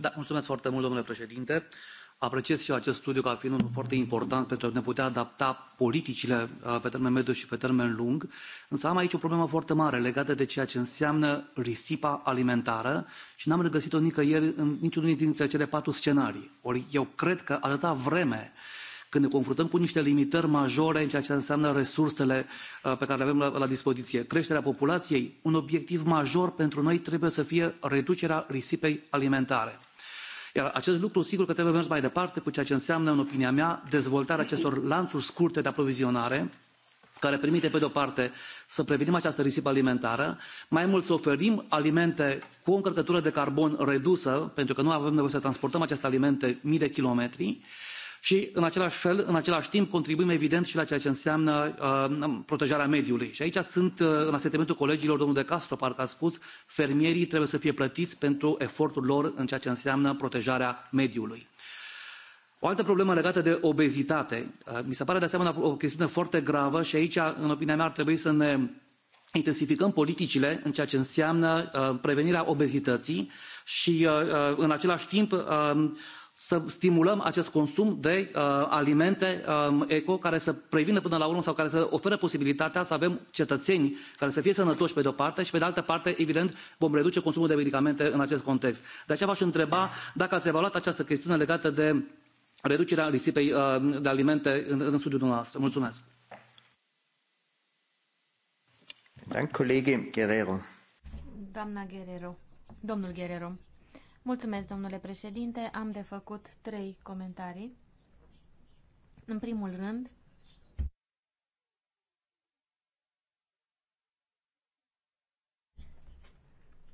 Da, mulțumesc foarte mult, domnule președinte. Apreciez și eu acest studiu ca fiind unul foarte important pentru a ne putea adapta politicile uh, pe termen mediu și pe termen lung, însă am aici o problemă foarte mare legată de ceea ce înseamnă risipa alimentară și n-am regăsit-o nicăieri în niciunul dintre cele patru scenarii. Ori eu cred că atâta vreme când ne confruntăm cu niște limitări majore în ceea ce înseamnă resursele uh, pe care le avem la, la dispoziție, creșterea populației, un obiectiv major pentru noi trebuie să fie reducerea risipei alimentare iar acest lucru sigur că trebuie mers mai departe cu ceea ce înseamnă în opinia mea dezvoltarea acestor lanțuri scurte de aprovizionare care permite pe de o parte să prevenim această risipă alimentară mai mult să oferim alimente cu o încărcătură de carbon redusă pentru că nu avem nevoie să transportăm aceste alimente mii de kilometri și și în același fel în același timp contribuim evident și la ceea ce înseamnă uh, protejarea mediului și aici sunt uh, în asentimentul colegilor domnul de castro parcă a spus fermierii trebuie să fie plătiți pentru efortul lor în ceea ce înseamnă protejarea mediului. O altă problemă legată de obezitate. Uh, mi se pare de asemenea o chestiune foarte gravă și aici, în opinia mea, ar trebui să ne intensificăm politicile în ceea ce înseamnă prevenirea obezității și, în același timp, să stimulăm acest consum de uh, alimente um, eco care să prevină până la urmă sau care să ofere posibilitatea să avem cetățeni care să fie sănătoși pe de o parte și pe de altă parte evident vom reduce consumul de medicamente în acest context. de aceea v aș întreba dacă ați evaluat această chestiune legată de reducerea risipei uh, de alimente în, în studiul dumneavoastră. Mulțumesc. Dank, Guerrero. Doamna Guerrero. Domnul Guerrero. Mulțumesc, domnule președinte. Am de făcut trei comentarii. În primul rând,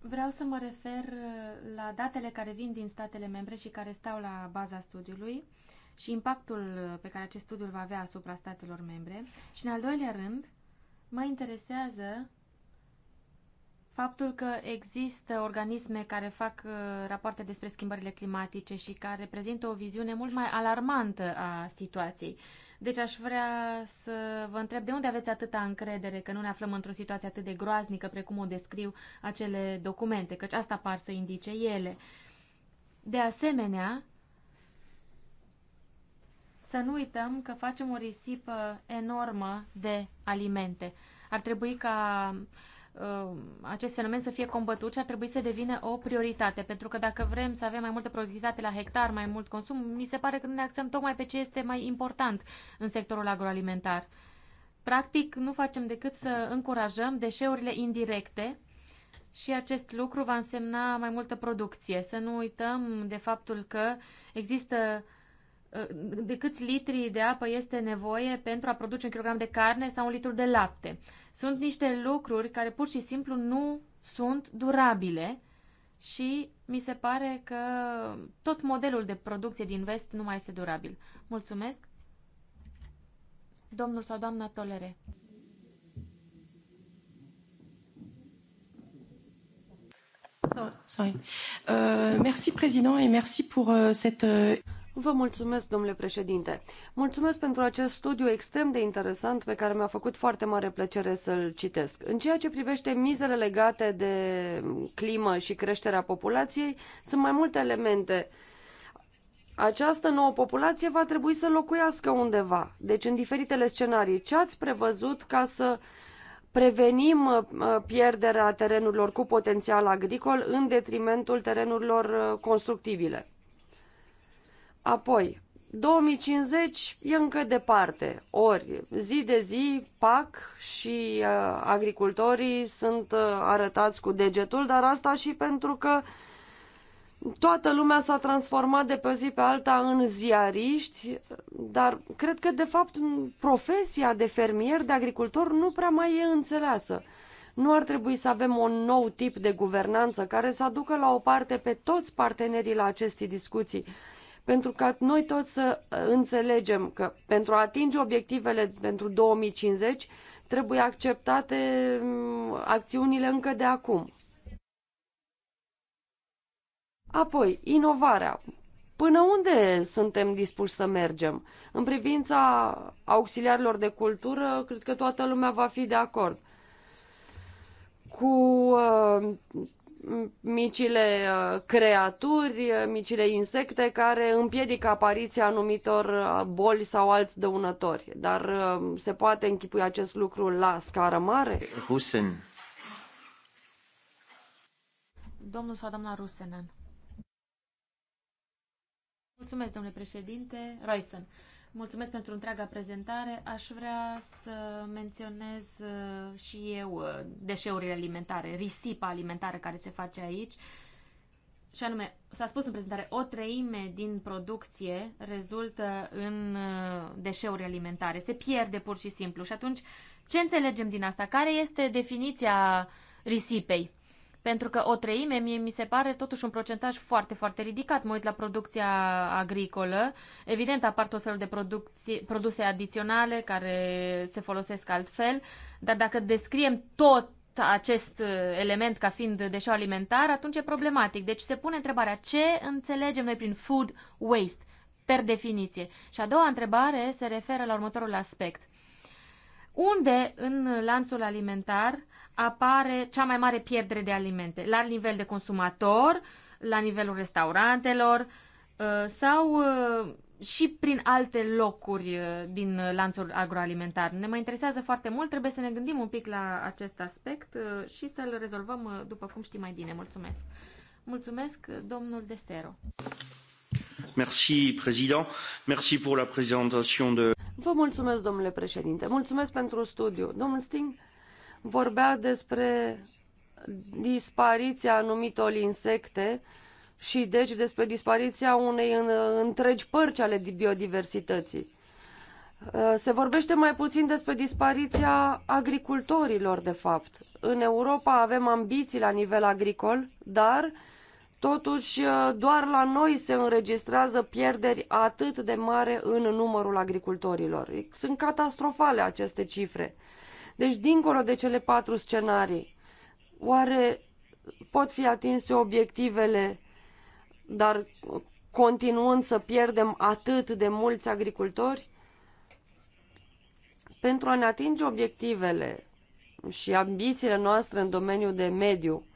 vreau să mă refer la datele care vin din statele membre și care stau la baza studiului și impactul pe care acest studiu va avea asupra statelor membre. Și în al doilea rând, mă interesează faptul că există organisme care fac uh, rapoarte despre schimbările climatice și care prezintă o viziune mult mai alarmantă a situației. Deci aș vrea să vă întreb de unde aveți atâta încredere că nu ne aflăm într-o situație atât de groaznică precum o descriu acele documente, căci asta par să indice ele. De asemenea, să nu uităm că facem o risipă enormă de alimente. Ar trebui ca Uh, acest fenomen să fie combătut și ar trebui să devină o prioritate, pentru că dacă vrem să avem mai multă productivitate la hectar, mai mult consum, mi se pare că nu ne axăm tocmai pe ce este mai important în sectorul agroalimentar. Practic, nu facem decât să încurajăm deșeurile indirecte și acest lucru va însemna mai multă producție. Să nu uităm de faptul că există Uh, de câți litri de apă este nevoie pentru a produce un kilogram de carne sau un litru de lapte. Sunt niște lucruri care pur și simplu nu sunt durabile și mi se pare că tot modelul de producție din vest nu mai este durabil. Mulțumesc! Domnul sau doamna Tolere. So, sorry. Uh, merci, président, et merci pour uh, cette... Uh... Vă mulțumesc, domnule președinte. Mulțumesc pentru acest studiu extrem de interesant pe care mi-a făcut foarte mare plăcere să-l citesc. În ceea ce privește mizele legate de climă și creșterea populației, sunt mai multe elemente. Această nouă populație va trebui să locuiască undeva, deci în diferitele scenarii. Ce ați prevăzut ca să prevenim uh, pierderea terenurilor cu potențial agricol în detrimentul terenurilor uh, constructibile? Apoi, 2050 e încă departe, ori zi de zi PAC și uh, agricultorii sunt uh, arătați cu degetul, dar asta și pentru că toată lumea s-a transformat de pe zi pe alta în ziariști, dar cred că de fapt profesia de fermier, de agricultor nu prea mai e înțeleasă. Nu ar trebui să avem un nou tip de guvernanță care să aducă la o parte pe toți partenerii la aceste discuții pentru ca noi toți să uh, înțelegem că pentru a atinge obiectivele pentru 2050 trebuie acceptate mm, acțiunile încă de acum. Apoi, inovarea. Până unde suntem dispuși să mergem? În privința auxiliarilor de cultură, cred că toată lumea va fi de acord. Cu uh, micile uh, creaturi, uh, micile insecte care împiedică apariția anumitor uh, boli sau alți dăunători. Dar se poate închipui acest lucru la scară mare? Rusen. Domnul sau doamna Rusenen. Mulțumesc, domnule președinte. Roisen. Mulțumesc pentru întreaga prezentare. Aș vrea să menționez uh, și eu uh, deșeurile alimentare, risipa alimentară care se face aici. Și anume, s-a spus în prezentare, o treime din producție rezultă în uh, deșeuri alimentare. Se pierde pur și simplu. Și atunci, ce înțelegem din asta? Care este definiția risipei? Pentru că o treime, mie mi se pare totuși un procentaj foarte, foarte ridicat. Mă uit la producția agricolă. Evident, apar tot felul de producții, produse adiționale care se folosesc altfel, dar dacă descriem tot acest uh, element ca fiind deșeu alimentar, atunci e problematic. Deci se pune întrebarea ce înțelegem noi prin food waste, per definiție. Și a doua întrebare se referă la următorul aspect. Unde în lanțul alimentar apare cea mai mare pierdere de alimente, la nivel de consumator, la nivelul restaurantelor uh, sau uh, și prin alte locuri uh, din lanțul agroalimentar. Ne mai interesează foarte mult, trebuie să ne gândim un pic la acest aspect și să-l rezolvăm după cum știi mai bine. Mulțumesc! Mulțumesc, domnul Destero! Merci, président. Merci pour la présentation de... Vă mulțumesc, domnule președinte. Mulțumesc pentru studiu. Domnul Sting, vorbea despre dispariția anumitor insecte și deci despre dispariția unei întregi părți ale biodiversității. Uh, se vorbește mai puțin despre dispariția agricultorilor, de fapt. În Europa avem ambiții la nivel agricol, dar totuși uh, doar la noi se înregistrează pierderi atât de mare în numărul agricultorilor. Sunt catastrofale aceste cifre. Deci, dincolo de cele patru scenarii, oare pot fi atinse obiectivele, dar continuând să pierdem atât de mulți agricultori? Pentru a ne atinge obiectivele și ambițiile noastre în domeniul de mediu,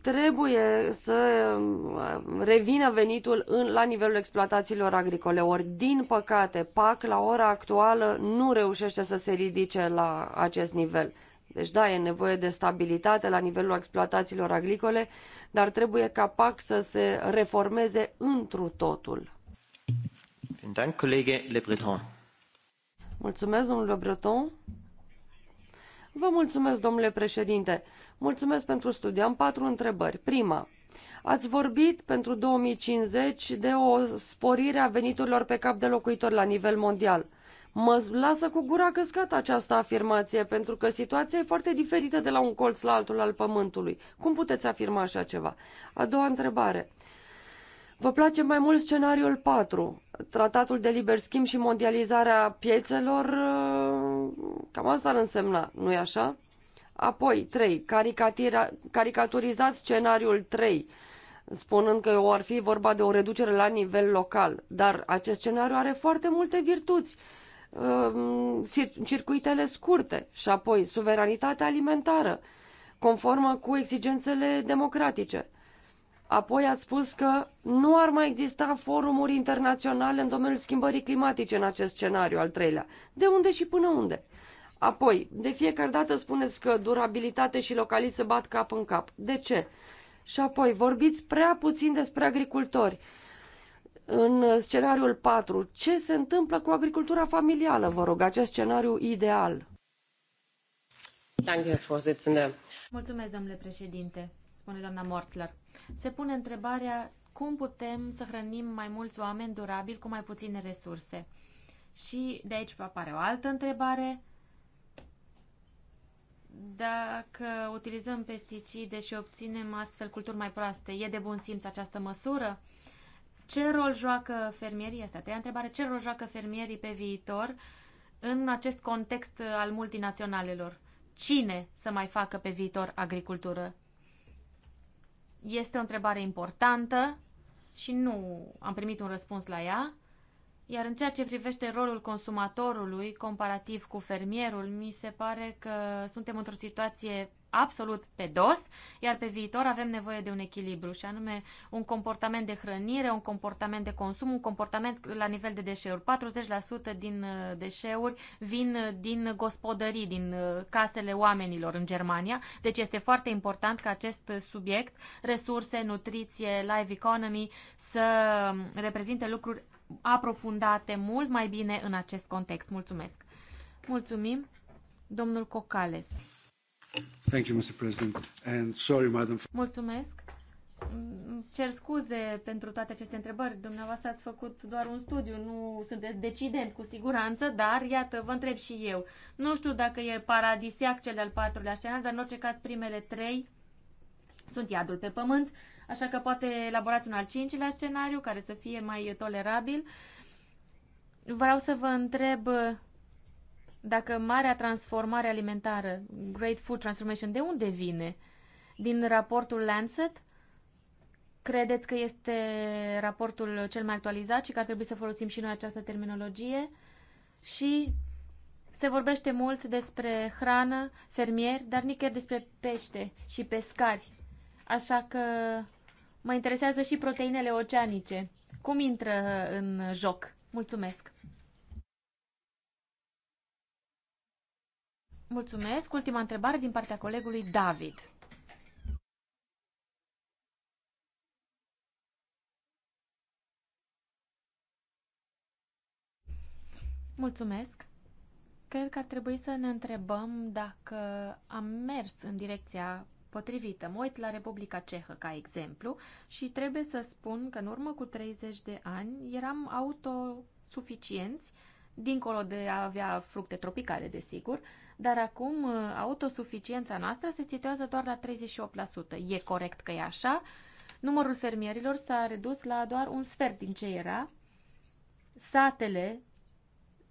trebuie să um, revină venitul în, la nivelul exploatațiilor agricole. Ori, din păcate, PAC la ora actuală nu reușește să se ridice la acest nivel. Deci da, e nevoie de stabilitate la nivelul exploatațiilor agricole, dar trebuie ca PAC să se reformeze întru totul. Mulțumesc, domnule Breton. Vă mulțumesc, domnule președinte. Mulțumesc pentru studiu. Am patru întrebări. Prima, Ați vorbit pentru 2050 de o sporire a veniturilor pe cap de locuitor la nivel mondial. Mă lasă cu gura căscată această afirmație, pentru că situația e foarte diferită de la un colț la altul al pământului. Cum puteți afirma așa ceva? A doua întrebare. Vă place mai mult scenariul 4, tratatul de liber schimb și mondializarea piețelor? Cam asta ar însemna, nu-i așa? Apoi, 3. Caricaturizați scenariul 3, spunând că o ar fi vorba de o reducere la nivel local. Dar acest scenariu are foarte multe virtuți. Um, circuitele scurte și apoi suveranitatea alimentară, conformă cu exigențele democratice. Apoi ați spus că nu ar mai exista forumuri internaționale în domeniul schimbării climatice în acest scenariu al treilea. De unde și până unde? Apoi, de fiecare dată spuneți că durabilitate și localii se bat cap în cap. De ce? Și apoi, vorbiți prea puțin despre agricultori. În scenariul 4, ce se întâmplă cu agricultura familială, vă rog, acest scenariu ideal? Mulțumesc, domnule președinte, spune doamna Mortler. Se pune întrebarea cum putem să hrănim mai mulți oameni durabil cu mai puține resurse. Și de aici apare o altă întrebare, dacă utilizăm pesticide și obținem astfel culturi mai proaste, e de bun simț această măsură? Ce rol joacă fermierii? Asta treia întrebare. Ce rol joacă fermierii pe viitor în acest context al multinaționalelor? Cine să mai facă pe viitor agricultură? Este o întrebare importantă și nu am primit un răspuns la ea. Iar în ceea ce privește rolul consumatorului comparativ cu fermierul, mi se pare că suntem într-o situație absolut pe dos, iar pe viitor avem nevoie de un echilibru și anume un comportament de hrănire, un comportament de consum, un comportament la nivel de deșeuri. 40% din uh, deșeuri vin uh, din gospodării, din uh, casele oamenilor în Germania, deci este foarte important ca acest subiect, resurse, nutriție, live economy, să um, reprezinte lucruri aprofundate mult mai bine în acest context. Mulțumesc! Mulțumim, domnul Cocales. Thank you, Mr. President. And sorry, madam. Mulțumesc. Cer scuze pentru toate aceste întrebări. Dumneavoastră ați făcut doar un studiu, nu sunteți decident cu siguranță, dar iată, vă întreb și eu. Nu știu dacă e paradisiac cel de-al patrulea scenariu, dar în orice caz primele trei sunt iadul pe pământ, așa că poate elaborați un al cincilea scenariu care să fie mai tolerabil. Vreau să vă întreb dacă marea transformare alimentară, Great Food Transformation, de unde vine? Din raportul Lancet? Credeți că este raportul cel mai actualizat și că ar trebui să folosim și noi această terminologie? Și se vorbește mult despre hrană, fermieri, dar nici chiar despre pește și pescari. Așa că Mă interesează și proteinele oceanice. Cum intră în joc? Mulțumesc! Mulțumesc! Ultima întrebare din partea colegului David. Mulțumesc! Cred că ar trebui să ne întrebăm dacă am mers în direcția potrivită. Mă uit la Republica Cehă ca exemplu și trebuie să spun că în urmă cu 30 de ani eram autosuficienți, dincolo de a avea fructe tropicale, desigur, dar acum uh, autosuficiența noastră se situează doar la 38%. E corect că e așa? Numărul fermierilor s-a redus la doar un sfert din ce era. Satele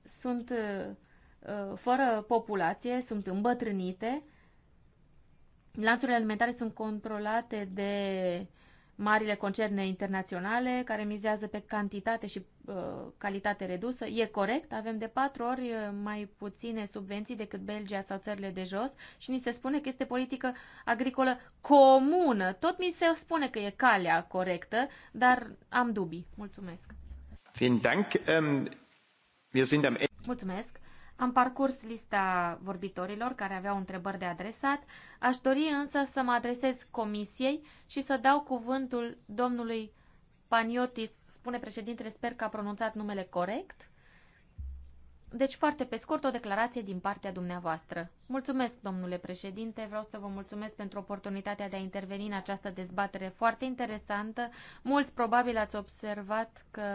sunt uh, uh, fără populație, sunt îmbătrânite Lanțurile alimentare sunt controlate de marile concerne internaționale care mizează pe cantitate și uh, calitate redusă. E corect, avem de patru ori uh, mai puține subvenții decât Belgia sau țările de jos și ni se spune că este politică agricolă comună. Tot mi se spune că e calea corectă, dar am dubii. Mulțumesc. Vielen Dank. Ähm, wir sind am Mulțumesc. Am parcurs lista vorbitorilor care aveau întrebări de adresat. Aș dori însă să mă adresez comisiei și să dau cuvântul domnului Paniotis, spune președintele, sper că a pronunțat numele corect. Deci, foarte pe scurt, o declarație din partea dumneavoastră. Mulțumesc, domnule președinte, vreau să vă mulțumesc pentru oportunitatea de a interveni în această dezbatere foarte interesantă. Mulți probabil ați observat că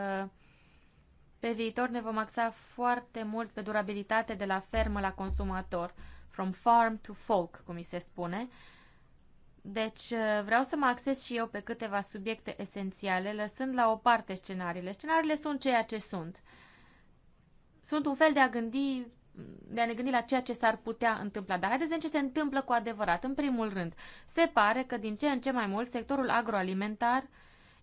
pe viitor ne vom axa foarte mult pe durabilitate de la fermă la consumator, from farm to folk, cum mi se spune. Deci uh, vreau să mă axez și eu pe câteva subiecte esențiale, lăsând la o parte scenariile. Scenariile sunt ceea ce sunt. Sunt un fel de a gândi de a ne gândi la ceea ce s-ar putea întâmpla. Dar haideți să vedem ce se întâmplă cu adevărat. În primul rând, se pare că din ce în ce mai mult sectorul agroalimentar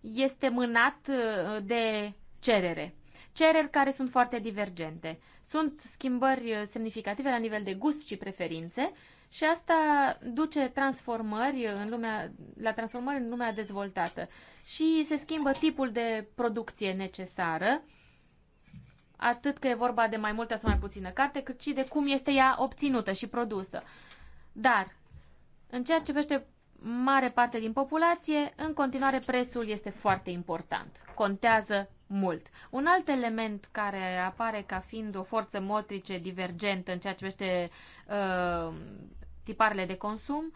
este mânat uh, de cerere cereri care sunt foarte divergente. Sunt schimbări uh, semnificative la nivel de gust și preferințe și asta duce transformări în lumea, la transformări în lumea dezvoltată. Și se schimbă tipul de producție necesară, atât că e vorba de mai multă sau mai puțină carte, cât și de cum este ea obținută și produsă. Dar, în ceea ce privește mare parte din populație, în continuare prețul este foarte important. Contează mult. Un alt element care apare ca fiind o forță motrice divergentă în ceea ce privește uh, tiparele de consum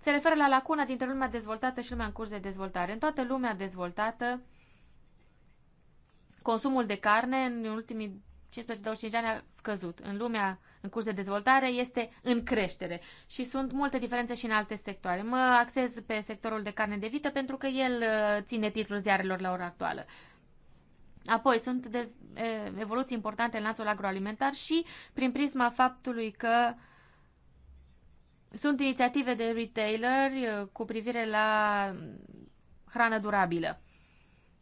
se referă la lacuna dintre lumea dezvoltată și lumea în curs de dezvoltare. În toată lumea dezvoltată, consumul de carne în ultimii 15-25 ani a scăzut. În lumea în curs de dezvoltare este în creștere și sunt multe diferențe și în alte sectoare. Mă axez pe sectorul de carne de vită pentru că el uh, ține titlul ziarelor la ora actuală. Apoi sunt dez, evoluții importante în lanțul agroalimentar și prin prisma faptului că sunt inițiative de retaileri cu privire la hrană durabilă.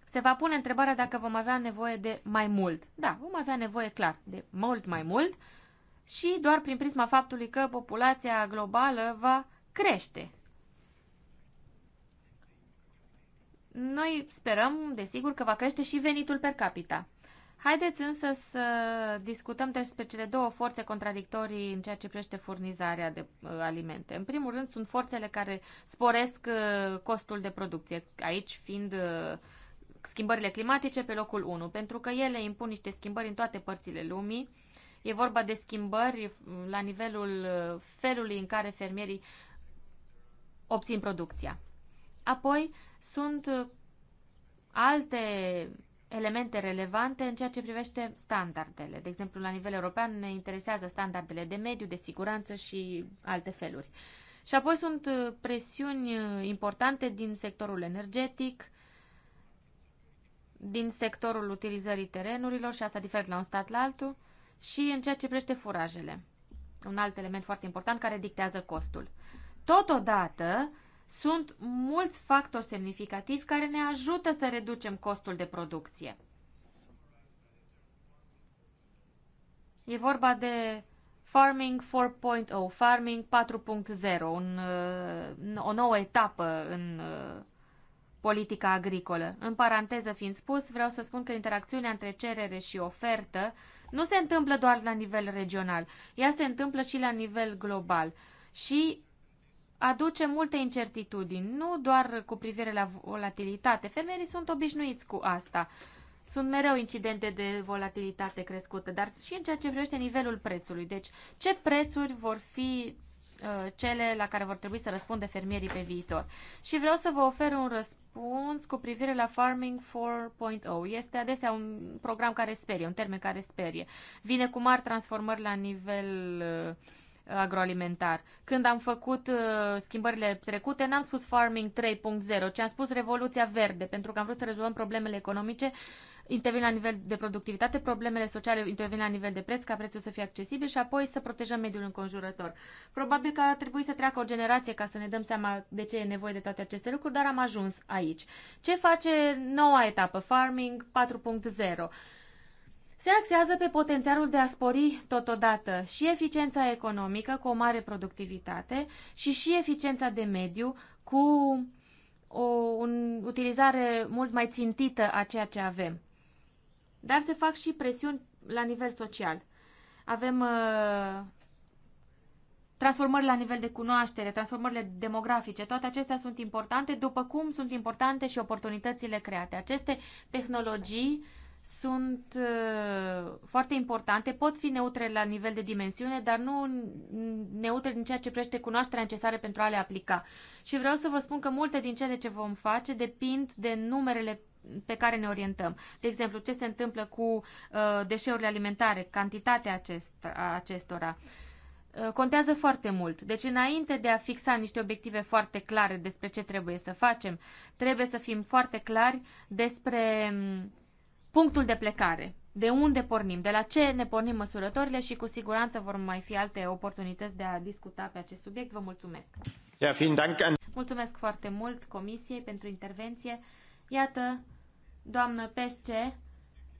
Se va pune întrebarea dacă vom avea nevoie de mai mult. Da, vom avea nevoie clar de mult mai mult și doar prin prisma faptului că populația globală va crește Noi sperăm, desigur, că va crește și venitul per capita. Haideți însă să discutăm despre cele două forțe contradictorii în ceea ce privește furnizarea de uh, alimente. În primul rând, sunt forțele care sporesc uh, costul de producție, aici fiind uh, schimbările climatice pe locul 1, pentru că ele impun niște schimbări în toate părțile lumii. E vorba de schimbări la nivelul felului în care fermierii obțin producția. Apoi, sunt uh, alte elemente relevante în ceea ce privește standardele. De exemplu, la nivel european ne interesează standardele de mediu, de siguranță și alte feluri. Și apoi sunt uh, presiuni uh, importante din sectorul energetic, din sectorul utilizării terenurilor și asta diferă la un stat la altul și în ceea ce privește furajele. Un alt element foarte important care dictează costul. Totodată, sunt mulți factori semnificativi care ne ajută să reducem costul de producție. E vorba de Farming 4.0, Farming 4.0, uh, o nouă etapă în uh, politica agricolă. În paranteză fiind spus, vreau să spun că interacțiunea între cerere și ofertă nu se întâmplă doar la nivel regional, ea se întâmplă și la nivel global. Și aduce multe incertitudini, nu doar cu privire la volatilitate. Fermierii sunt obișnuiți cu asta. Sunt mereu incidente de volatilitate crescută, dar și în ceea ce privește nivelul prețului. Deci, ce prețuri vor fi uh, cele la care vor trebui să răspunde fermierii pe viitor. Și vreau să vă ofer un răspuns cu privire la Farming 4.0. Este adesea un program care sperie, un termen care sperie. Vine cu mari transformări la nivel uh, agroalimentar. Când am făcut uh, schimbările trecute, n-am spus Farming 3.0, ci am spus Revoluția Verde, pentru că am vrut să rezolvăm problemele economice, intervin la nivel de productivitate, problemele sociale intervin la nivel de preț, ca prețul să fie accesibil și apoi să protejăm mediul înconjurător. Probabil că a trebuit să treacă o generație ca să ne dăm seama de ce e nevoie de toate aceste lucruri, dar am ajuns aici. Ce face noua etapă, Farming 4.0? se axează pe potențialul de a spori totodată și eficiența economică cu o mare productivitate și și eficiența de mediu cu o un, utilizare mult mai țintită a ceea ce avem. Dar se fac și presiuni la nivel social. Avem uh, transformări la nivel de cunoaștere, transformările demografice, toate acestea sunt importante, după cum sunt importante și oportunitățile create. Aceste tehnologii uh, sunt uh, foarte importante, pot fi neutre la nivel de dimensiune, dar nu neutre din ceea ce prește cunoașterea necesară pentru a le aplica. Și vreau să vă spun că multe din cele ce vom face depind de numerele pe care ne orientăm. De exemplu, ce se întâmplă cu uh, deșeurile alimentare, cantitatea acest, a acestora. Uh, contează foarte mult. Deci, înainte de a fixa niște obiective foarte clare despre ce trebuie să facem, trebuie să fim foarte clari despre mm, punctul de plecare. De unde pornim? De la ce ne pornim măsurătorile și cu siguranță vor mai fi alte oportunități de a discuta pe acest subiect. Vă mulțumesc! Ja, Dank an... Mulțumesc foarte mult Comisiei pentru intervenție. Iată, doamnă Pesce,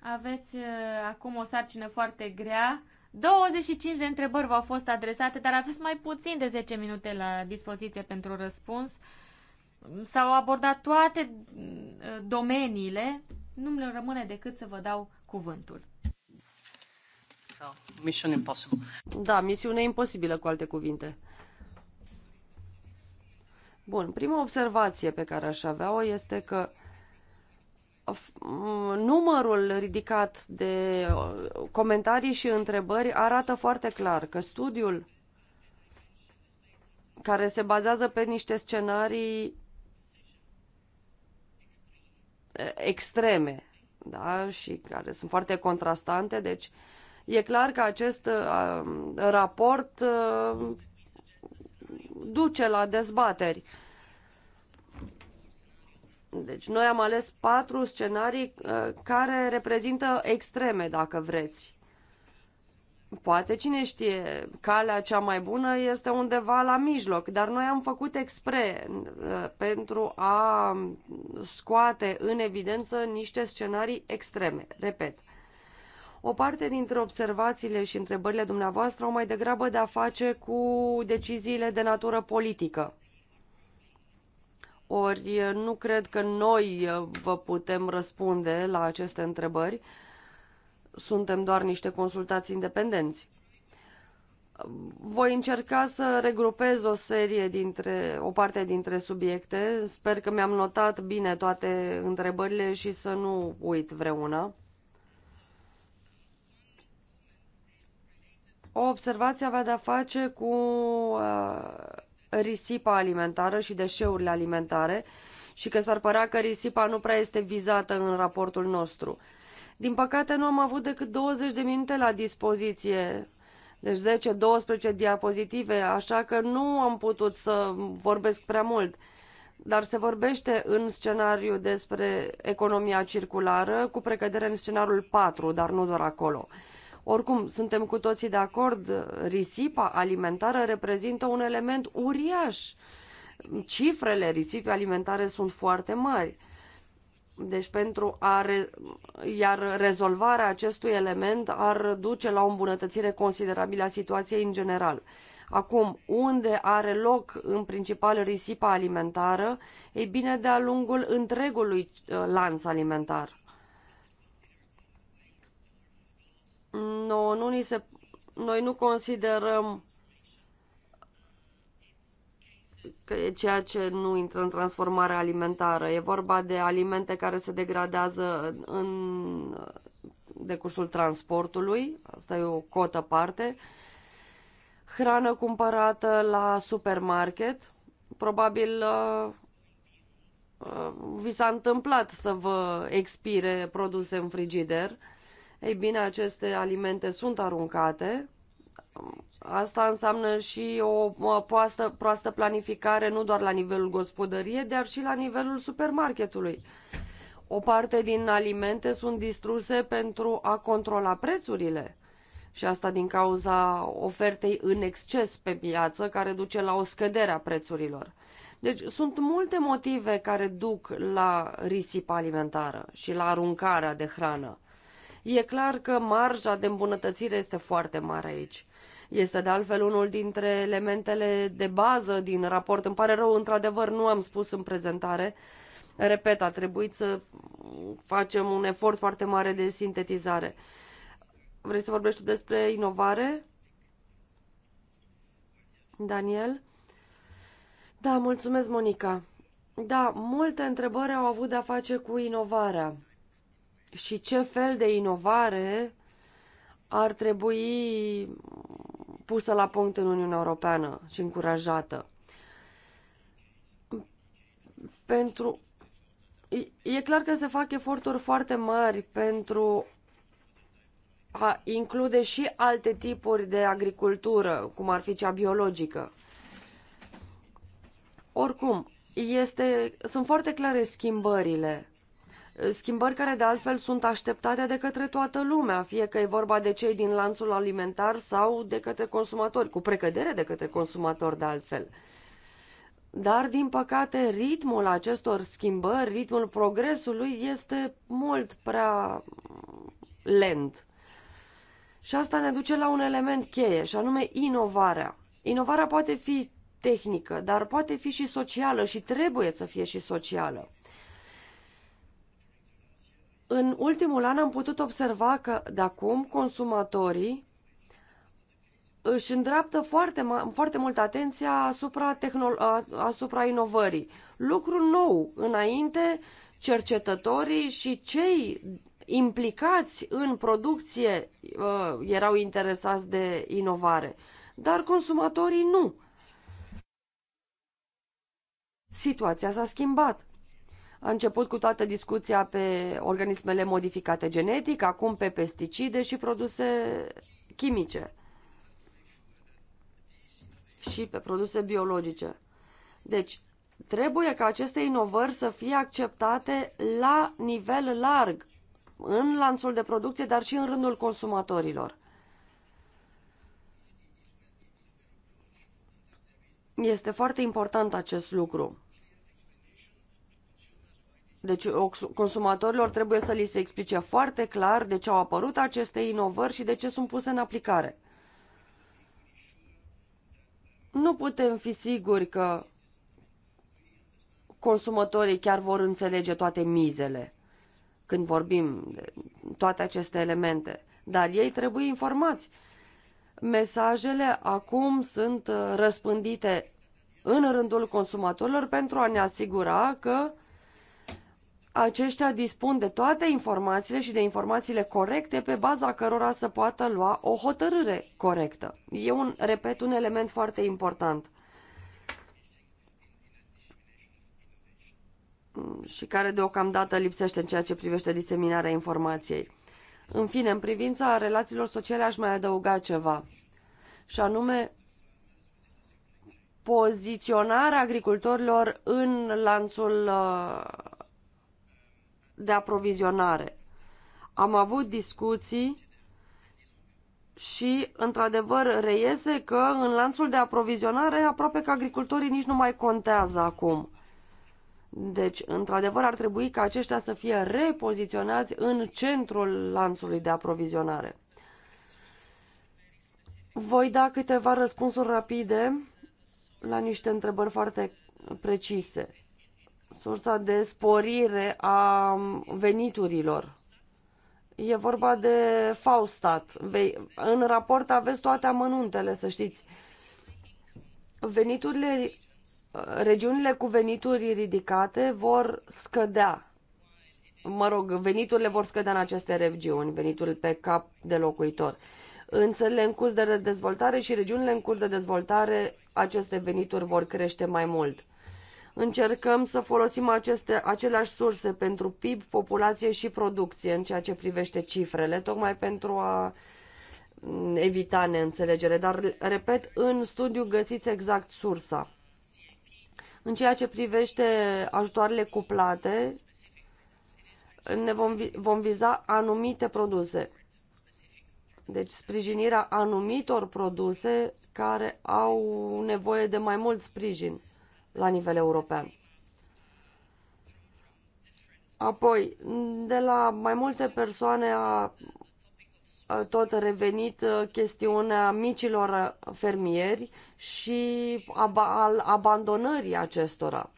aveți uh, acum o sarcină foarte grea. 25 de întrebări v-au fost adresate, dar aveți mai puțin de 10 minute la dispoziție pentru răspuns. S-au abordat toate uh, domeniile nu-mi rămâne decât să vă dau cuvântul. So, mission impossible. Da, misiune imposibilă, cu alte cuvinte. Bun, prima observație pe care aș avea-o este că numărul ridicat de uh, comentarii și întrebări arată foarte clar că studiul care se bazează pe niște scenarii extreme da? și care sunt foarte contrastante, deci e clar că acest raport duce la dezbateri. Deci noi am ales patru scenarii care reprezintă extreme, dacă vreți. Poate cine știe, calea cea mai bună este undeva la mijloc, dar noi am făcut expre uh, pentru a scoate în evidență niște scenarii extreme. Repet, o parte dintre observațiile și întrebările dumneavoastră au mai degrabă de a face cu deciziile de natură politică. Ori uh, nu cred că noi uh, vă putem răspunde la aceste întrebări, suntem doar niște consultați independenți. Voi încerca să regrupez o serie dintre, o parte dintre subiecte. Sper că mi-am notat bine toate întrebările și să nu uit vreuna. O observație avea de-a face cu uh, risipa alimentară și deșeurile alimentare și că s-ar părea că risipa nu prea este vizată în raportul nostru. Uh, din păcate nu am avut decât 20 de minute la dispoziție, deci 10-12 diapozitive, așa că nu am putut să vorbesc prea mult. Dar se vorbește în scenariu despre economia circulară, cu precădere în scenariul 4, dar nu doar acolo. Oricum, suntem cu toții de acord, risipa alimentară reprezintă un element uriaș. Cifrele risipii alimentare sunt foarte mari. Deci pentru a re... iar rezolvarea acestui element ar duce la o îmbunătățire considerabilă a situației în general. Acum, unde are loc în principal risipa alimentară? Ei bine, de-a lungul întregului ă, lanț alimentar. nu ni se... Noi nu considerăm ceea ce nu intră în transformare alimentară. E vorba de alimente care se degradează în decursul transportului, asta e o cotă parte, hrană cumpărată la supermarket, probabil uh, uh, vi s-a întâmplat să vă expire produse în frigider. Ei bine, aceste alimente sunt aruncate Asta înseamnă și o poastă, proastă planificare nu doar la nivelul gospodăriei, dar și la nivelul supermarketului. O parte din alimente sunt distruse pentru a controla prețurile și asta din cauza ofertei în exces pe piață care duce la o scădere a prețurilor. Deci sunt multe motive care duc la risipa alimentară și la aruncarea de hrană. E clar că marja de îmbunătățire este foarte mare aici. Este de altfel unul dintre elementele de bază din raport. Îmi pare rău, într-adevăr, nu am spus în prezentare. Repet, a trebuit să facem un efort foarte mare de sintetizare. Vrei să vorbești tu despre inovare? Daniel? Da, mulțumesc, Monica. Da, multe întrebări au avut de-a face cu inovarea și ce fel de inovare ar trebui pusă la punct în Uniunea Europeană și încurajată. Pentru... E clar că se fac eforturi foarte mari pentru a include și alte tipuri de agricultură, cum ar fi cea biologică. Oricum, este, sunt foarte clare schimbările Schimbări care de altfel sunt așteptate de către toată lumea, fie că e vorba de cei din lanțul alimentar sau de către consumatori, cu precădere de către consumatori de altfel. Dar, din păcate, ritmul acestor schimbări, ritmul progresului este mult prea lent. Și asta ne duce la un element cheie, și anume inovarea. Inovarea poate fi tehnică, dar poate fi și socială și trebuie să fie și socială. În ultimul an am putut observa că, de acum, consumatorii își îndreaptă foarte, foarte mult atenția asupra, asupra inovării. Lucru nou. Înainte, cercetătorii și cei implicați în producție uh, erau interesați de inovare, dar consumatorii nu. Situația s-a schimbat. A început cu toată discuția pe organismele modificate genetic, acum pe pesticide și produse chimice și pe produse biologice. Deci, trebuie ca aceste inovări să fie acceptate la nivel larg, în lanțul de producție, dar și în rândul consumatorilor. Este foarte important acest lucru. Deci consumatorilor trebuie să li se explice foarte clar de ce au apărut aceste inovări și de ce sunt puse în aplicare. Nu putem fi siguri că consumatorii chiar vor înțelege toate mizele când vorbim de toate aceste elemente, dar ei trebuie informați. Mesajele acum sunt uh, răspândite în rândul consumatorilor pentru a ne asigura că aceștia dispun de toate informațiile și de informațiile corecte pe baza cărora să poată lua o hotărâre corectă. E un, repet, un element foarte important. și care deocamdată lipsește în ceea ce privește diseminarea informației. În fine, în privința relațiilor sociale aș mai adăuga ceva, și anume poziționarea agricultorilor în lanțul uh, de aprovizionare. Am avut discuții și, într-adevăr, reiese că în lanțul de aprovizionare aproape că agricultorii nici nu mai contează acum. Deci, într-adevăr, ar trebui ca aceștia să fie repoziționați în centrul lanțului de aprovizionare. Voi da câteva răspunsuri rapide la niște întrebări foarte precise sursa de sporire a veniturilor. E vorba de Faustat. În raport aveți toate amănuntele, să știți. Veniturile, regiunile cu venituri ridicate vor scădea. Mă rog, veniturile vor scădea în aceste regiuni, veniturile pe cap de locuitor. În țările în curs de dezvoltare și regiunile în curs de dezvoltare, aceste venituri vor crește mai mult încercăm să folosim aceste, aceleași surse pentru PIB, populație și producție în ceea ce privește cifrele, tocmai pentru a mm, evita neînțelegere. Dar, repet, în studiu găsiți exact sursa. În ceea ce privește ajutoarele cuplate, ne vom, vom viza anumite produse. Deci sprijinirea anumitor produse care au nevoie de mai mult sprijin la nivel european. Apoi, de la mai multe persoane a tot revenit uh, chestiunea micilor uh, fermieri și ab al abandonării acestora.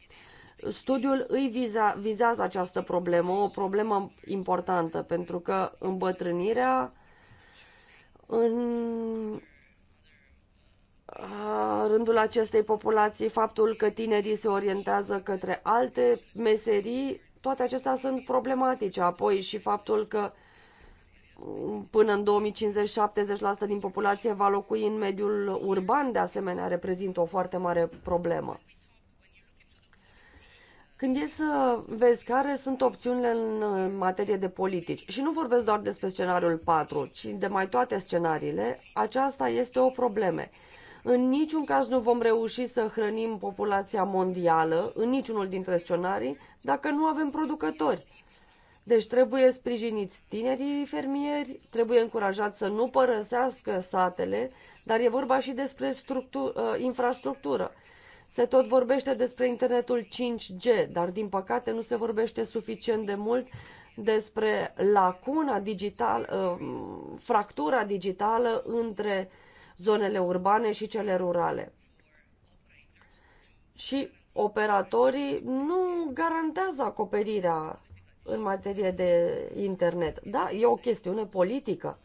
Studiul îi viza, vizează această problemă, o problemă importantă, pentru că îmbătrânirea în rândul acestei populații, faptul că tinerii se orientează către alte meserii, toate acestea sunt problematice. Apoi și faptul că mm, până în 2050 70% din populație va locui în mediul urban, de asemenea, reprezintă o foarte mare problemă. Când e să vezi care sunt opțiunile în materie de politici, și nu vorbesc doar despre scenariul 4, ci de mai toate scenariile, aceasta este o problemă. În niciun caz nu vom reuși să hrănim populația mondială, în niciunul dintre scenarii, dacă nu avem producători. Deci trebuie sprijiniți tinerii fermieri, trebuie încurajați să nu părăsească satele, dar e vorba și despre uh, infrastructură. Se tot vorbește despre internetul 5G, dar din păcate nu se vorbește suficient de mult despre lacuna digitală, uh, fractura digitală între zonele urbane și cele rurale. Și operatorii nu garantează acoperirea în materie de internet. Da, e o chestiune politică.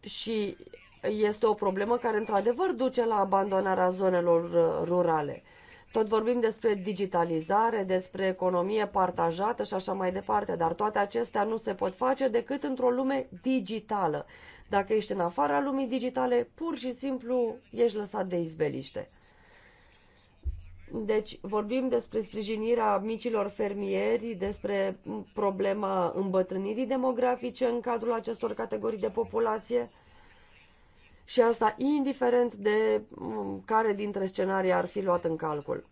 Și este o problemă care într-adevăr duce la abandonarea zonelor uh, rurale. Tot vorbim despre digitalizare, despre economie partajată și așa mai departe, dar toate acestea nu se pot face decât într-o lume digitală. Dacă ești în afara lumii digitale, pur și simplu ești lăsat de izbeliște. Deci vorbim despre sprijinirea micilor fermieri, despre problema îmbătrânirii demografice în cadrul acestor categorii de populație și asta indiferent de care dintre scenarii ar fi luat în calcul.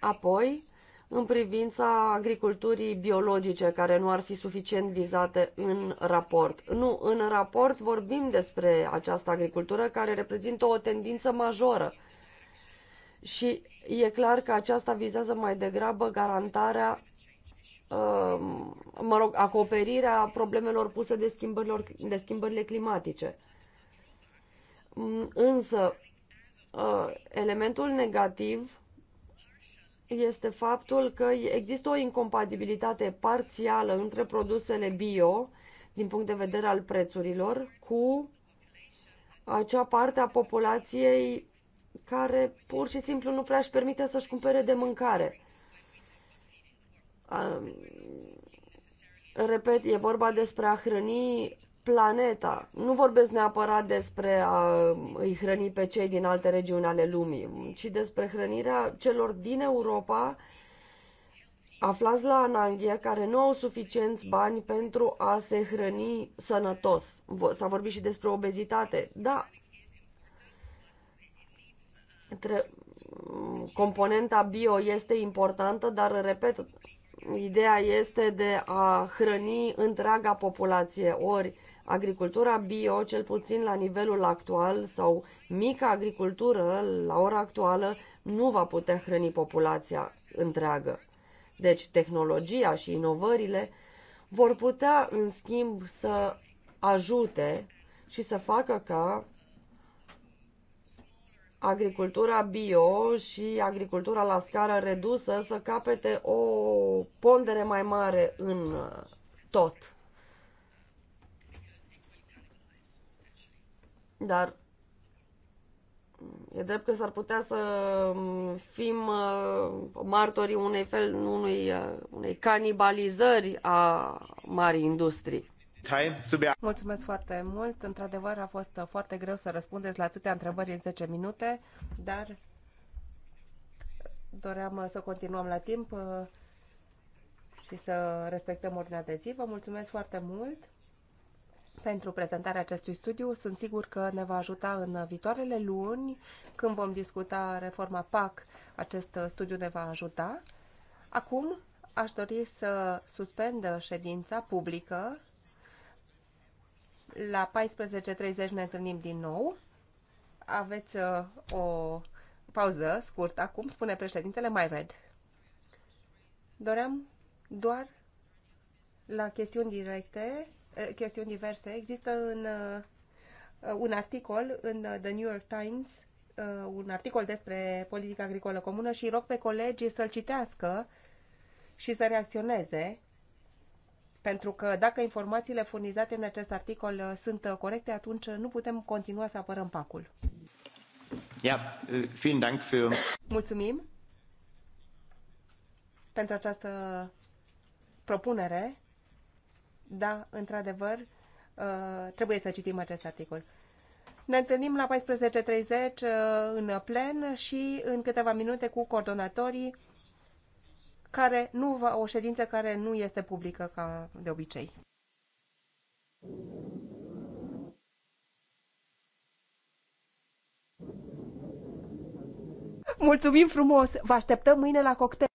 Apoi, în privința agriculturii biologice, care nu ar fi suficient vizate în raport. Nu, în raport vorbim despre această agricultură care reprezintă o tendință majoră. Și e clar că aceasta vizează mai degrabă garantarea, um, mă rog, acoperirea problemelor puse de, schimbărilor, de schimbările climatice. Mm, însă, uh, elementul negativ este faptul că există o incompatibilitate parțială între produsele bio, din punct de vedere al prețurilor, cu acea parte a populației care pur și simplu nu prea își permite să-și cumpere de mâncare. Um, repet, e vorba despre a hrăni planeta. Nu vorbesc neapărat despre a îi hrăni pe cei din alte regiuni ale lumii, ci despre hrănirea celor din Europa aflați la Ananghia, care nu au suficienți bani pentru a se hrăni sănătos. S-a vorbit și despre obezitate. Da, Tre- componenta bio este importantă, dar, repet, ideea este de a hrăni întreaga populație. Ori agricultura bio, cel puțin la nivelul actual sau mica agricultură, la ora actuală, nu va putea hrăni populația întreagă. Deci tehnologia și inovările vor putea, în schimb, să ajute și să facă ca agricultura bio și agricultura la scară redusă să capete o pondere mai mare în tot. Dar e drept că s-ar putea să mm, fim uh, martorii unei fel, unui, uh, unei canibalizări a marii industrii. Mulțumesc foarte mult. Într-adevăr, a fost uh, foarte greu să răspundeți la atâtea întrebări în 10 minute, dar doream să continuăm la timp și să respectăm ordinea de zi. Vă mulțumesc foarte mult pentru prezentarea acestui studiu. Sunt sigur că ne va ajuta în viitoarele luni, când vom discuta reforma PAC, acest studiu ne va ajuta. Acum aș dori să suspend ședința publică. La 14.30 ne întâlnim din nou. Aveți uh, o pauză scurtă acum, spune președintele mai red. Doream doar la chestiuni directe Eh, chestiuni diverse. Există în, eh, un articol în eh, The New York Times, un articol despre politica agricolă comună și rog pe colegi să-l citească și să reacționeze pentru că dacă informațiile furnizate în acest articol sunt corecte, atunci nu putem continua să apărăm pacul. Ja, vielen Dank für... Mulțumim pentru această propunere da, într-adevăr, uh, trebuie să citim acest articol. Ne întâlnim la 14.30 uh, în plen și în câteva minute cu coordonatorii care nu va, o ședință care nu este publică ca de obicei. Mulțumim frumos! Vă așteptăm mâine la cocktail!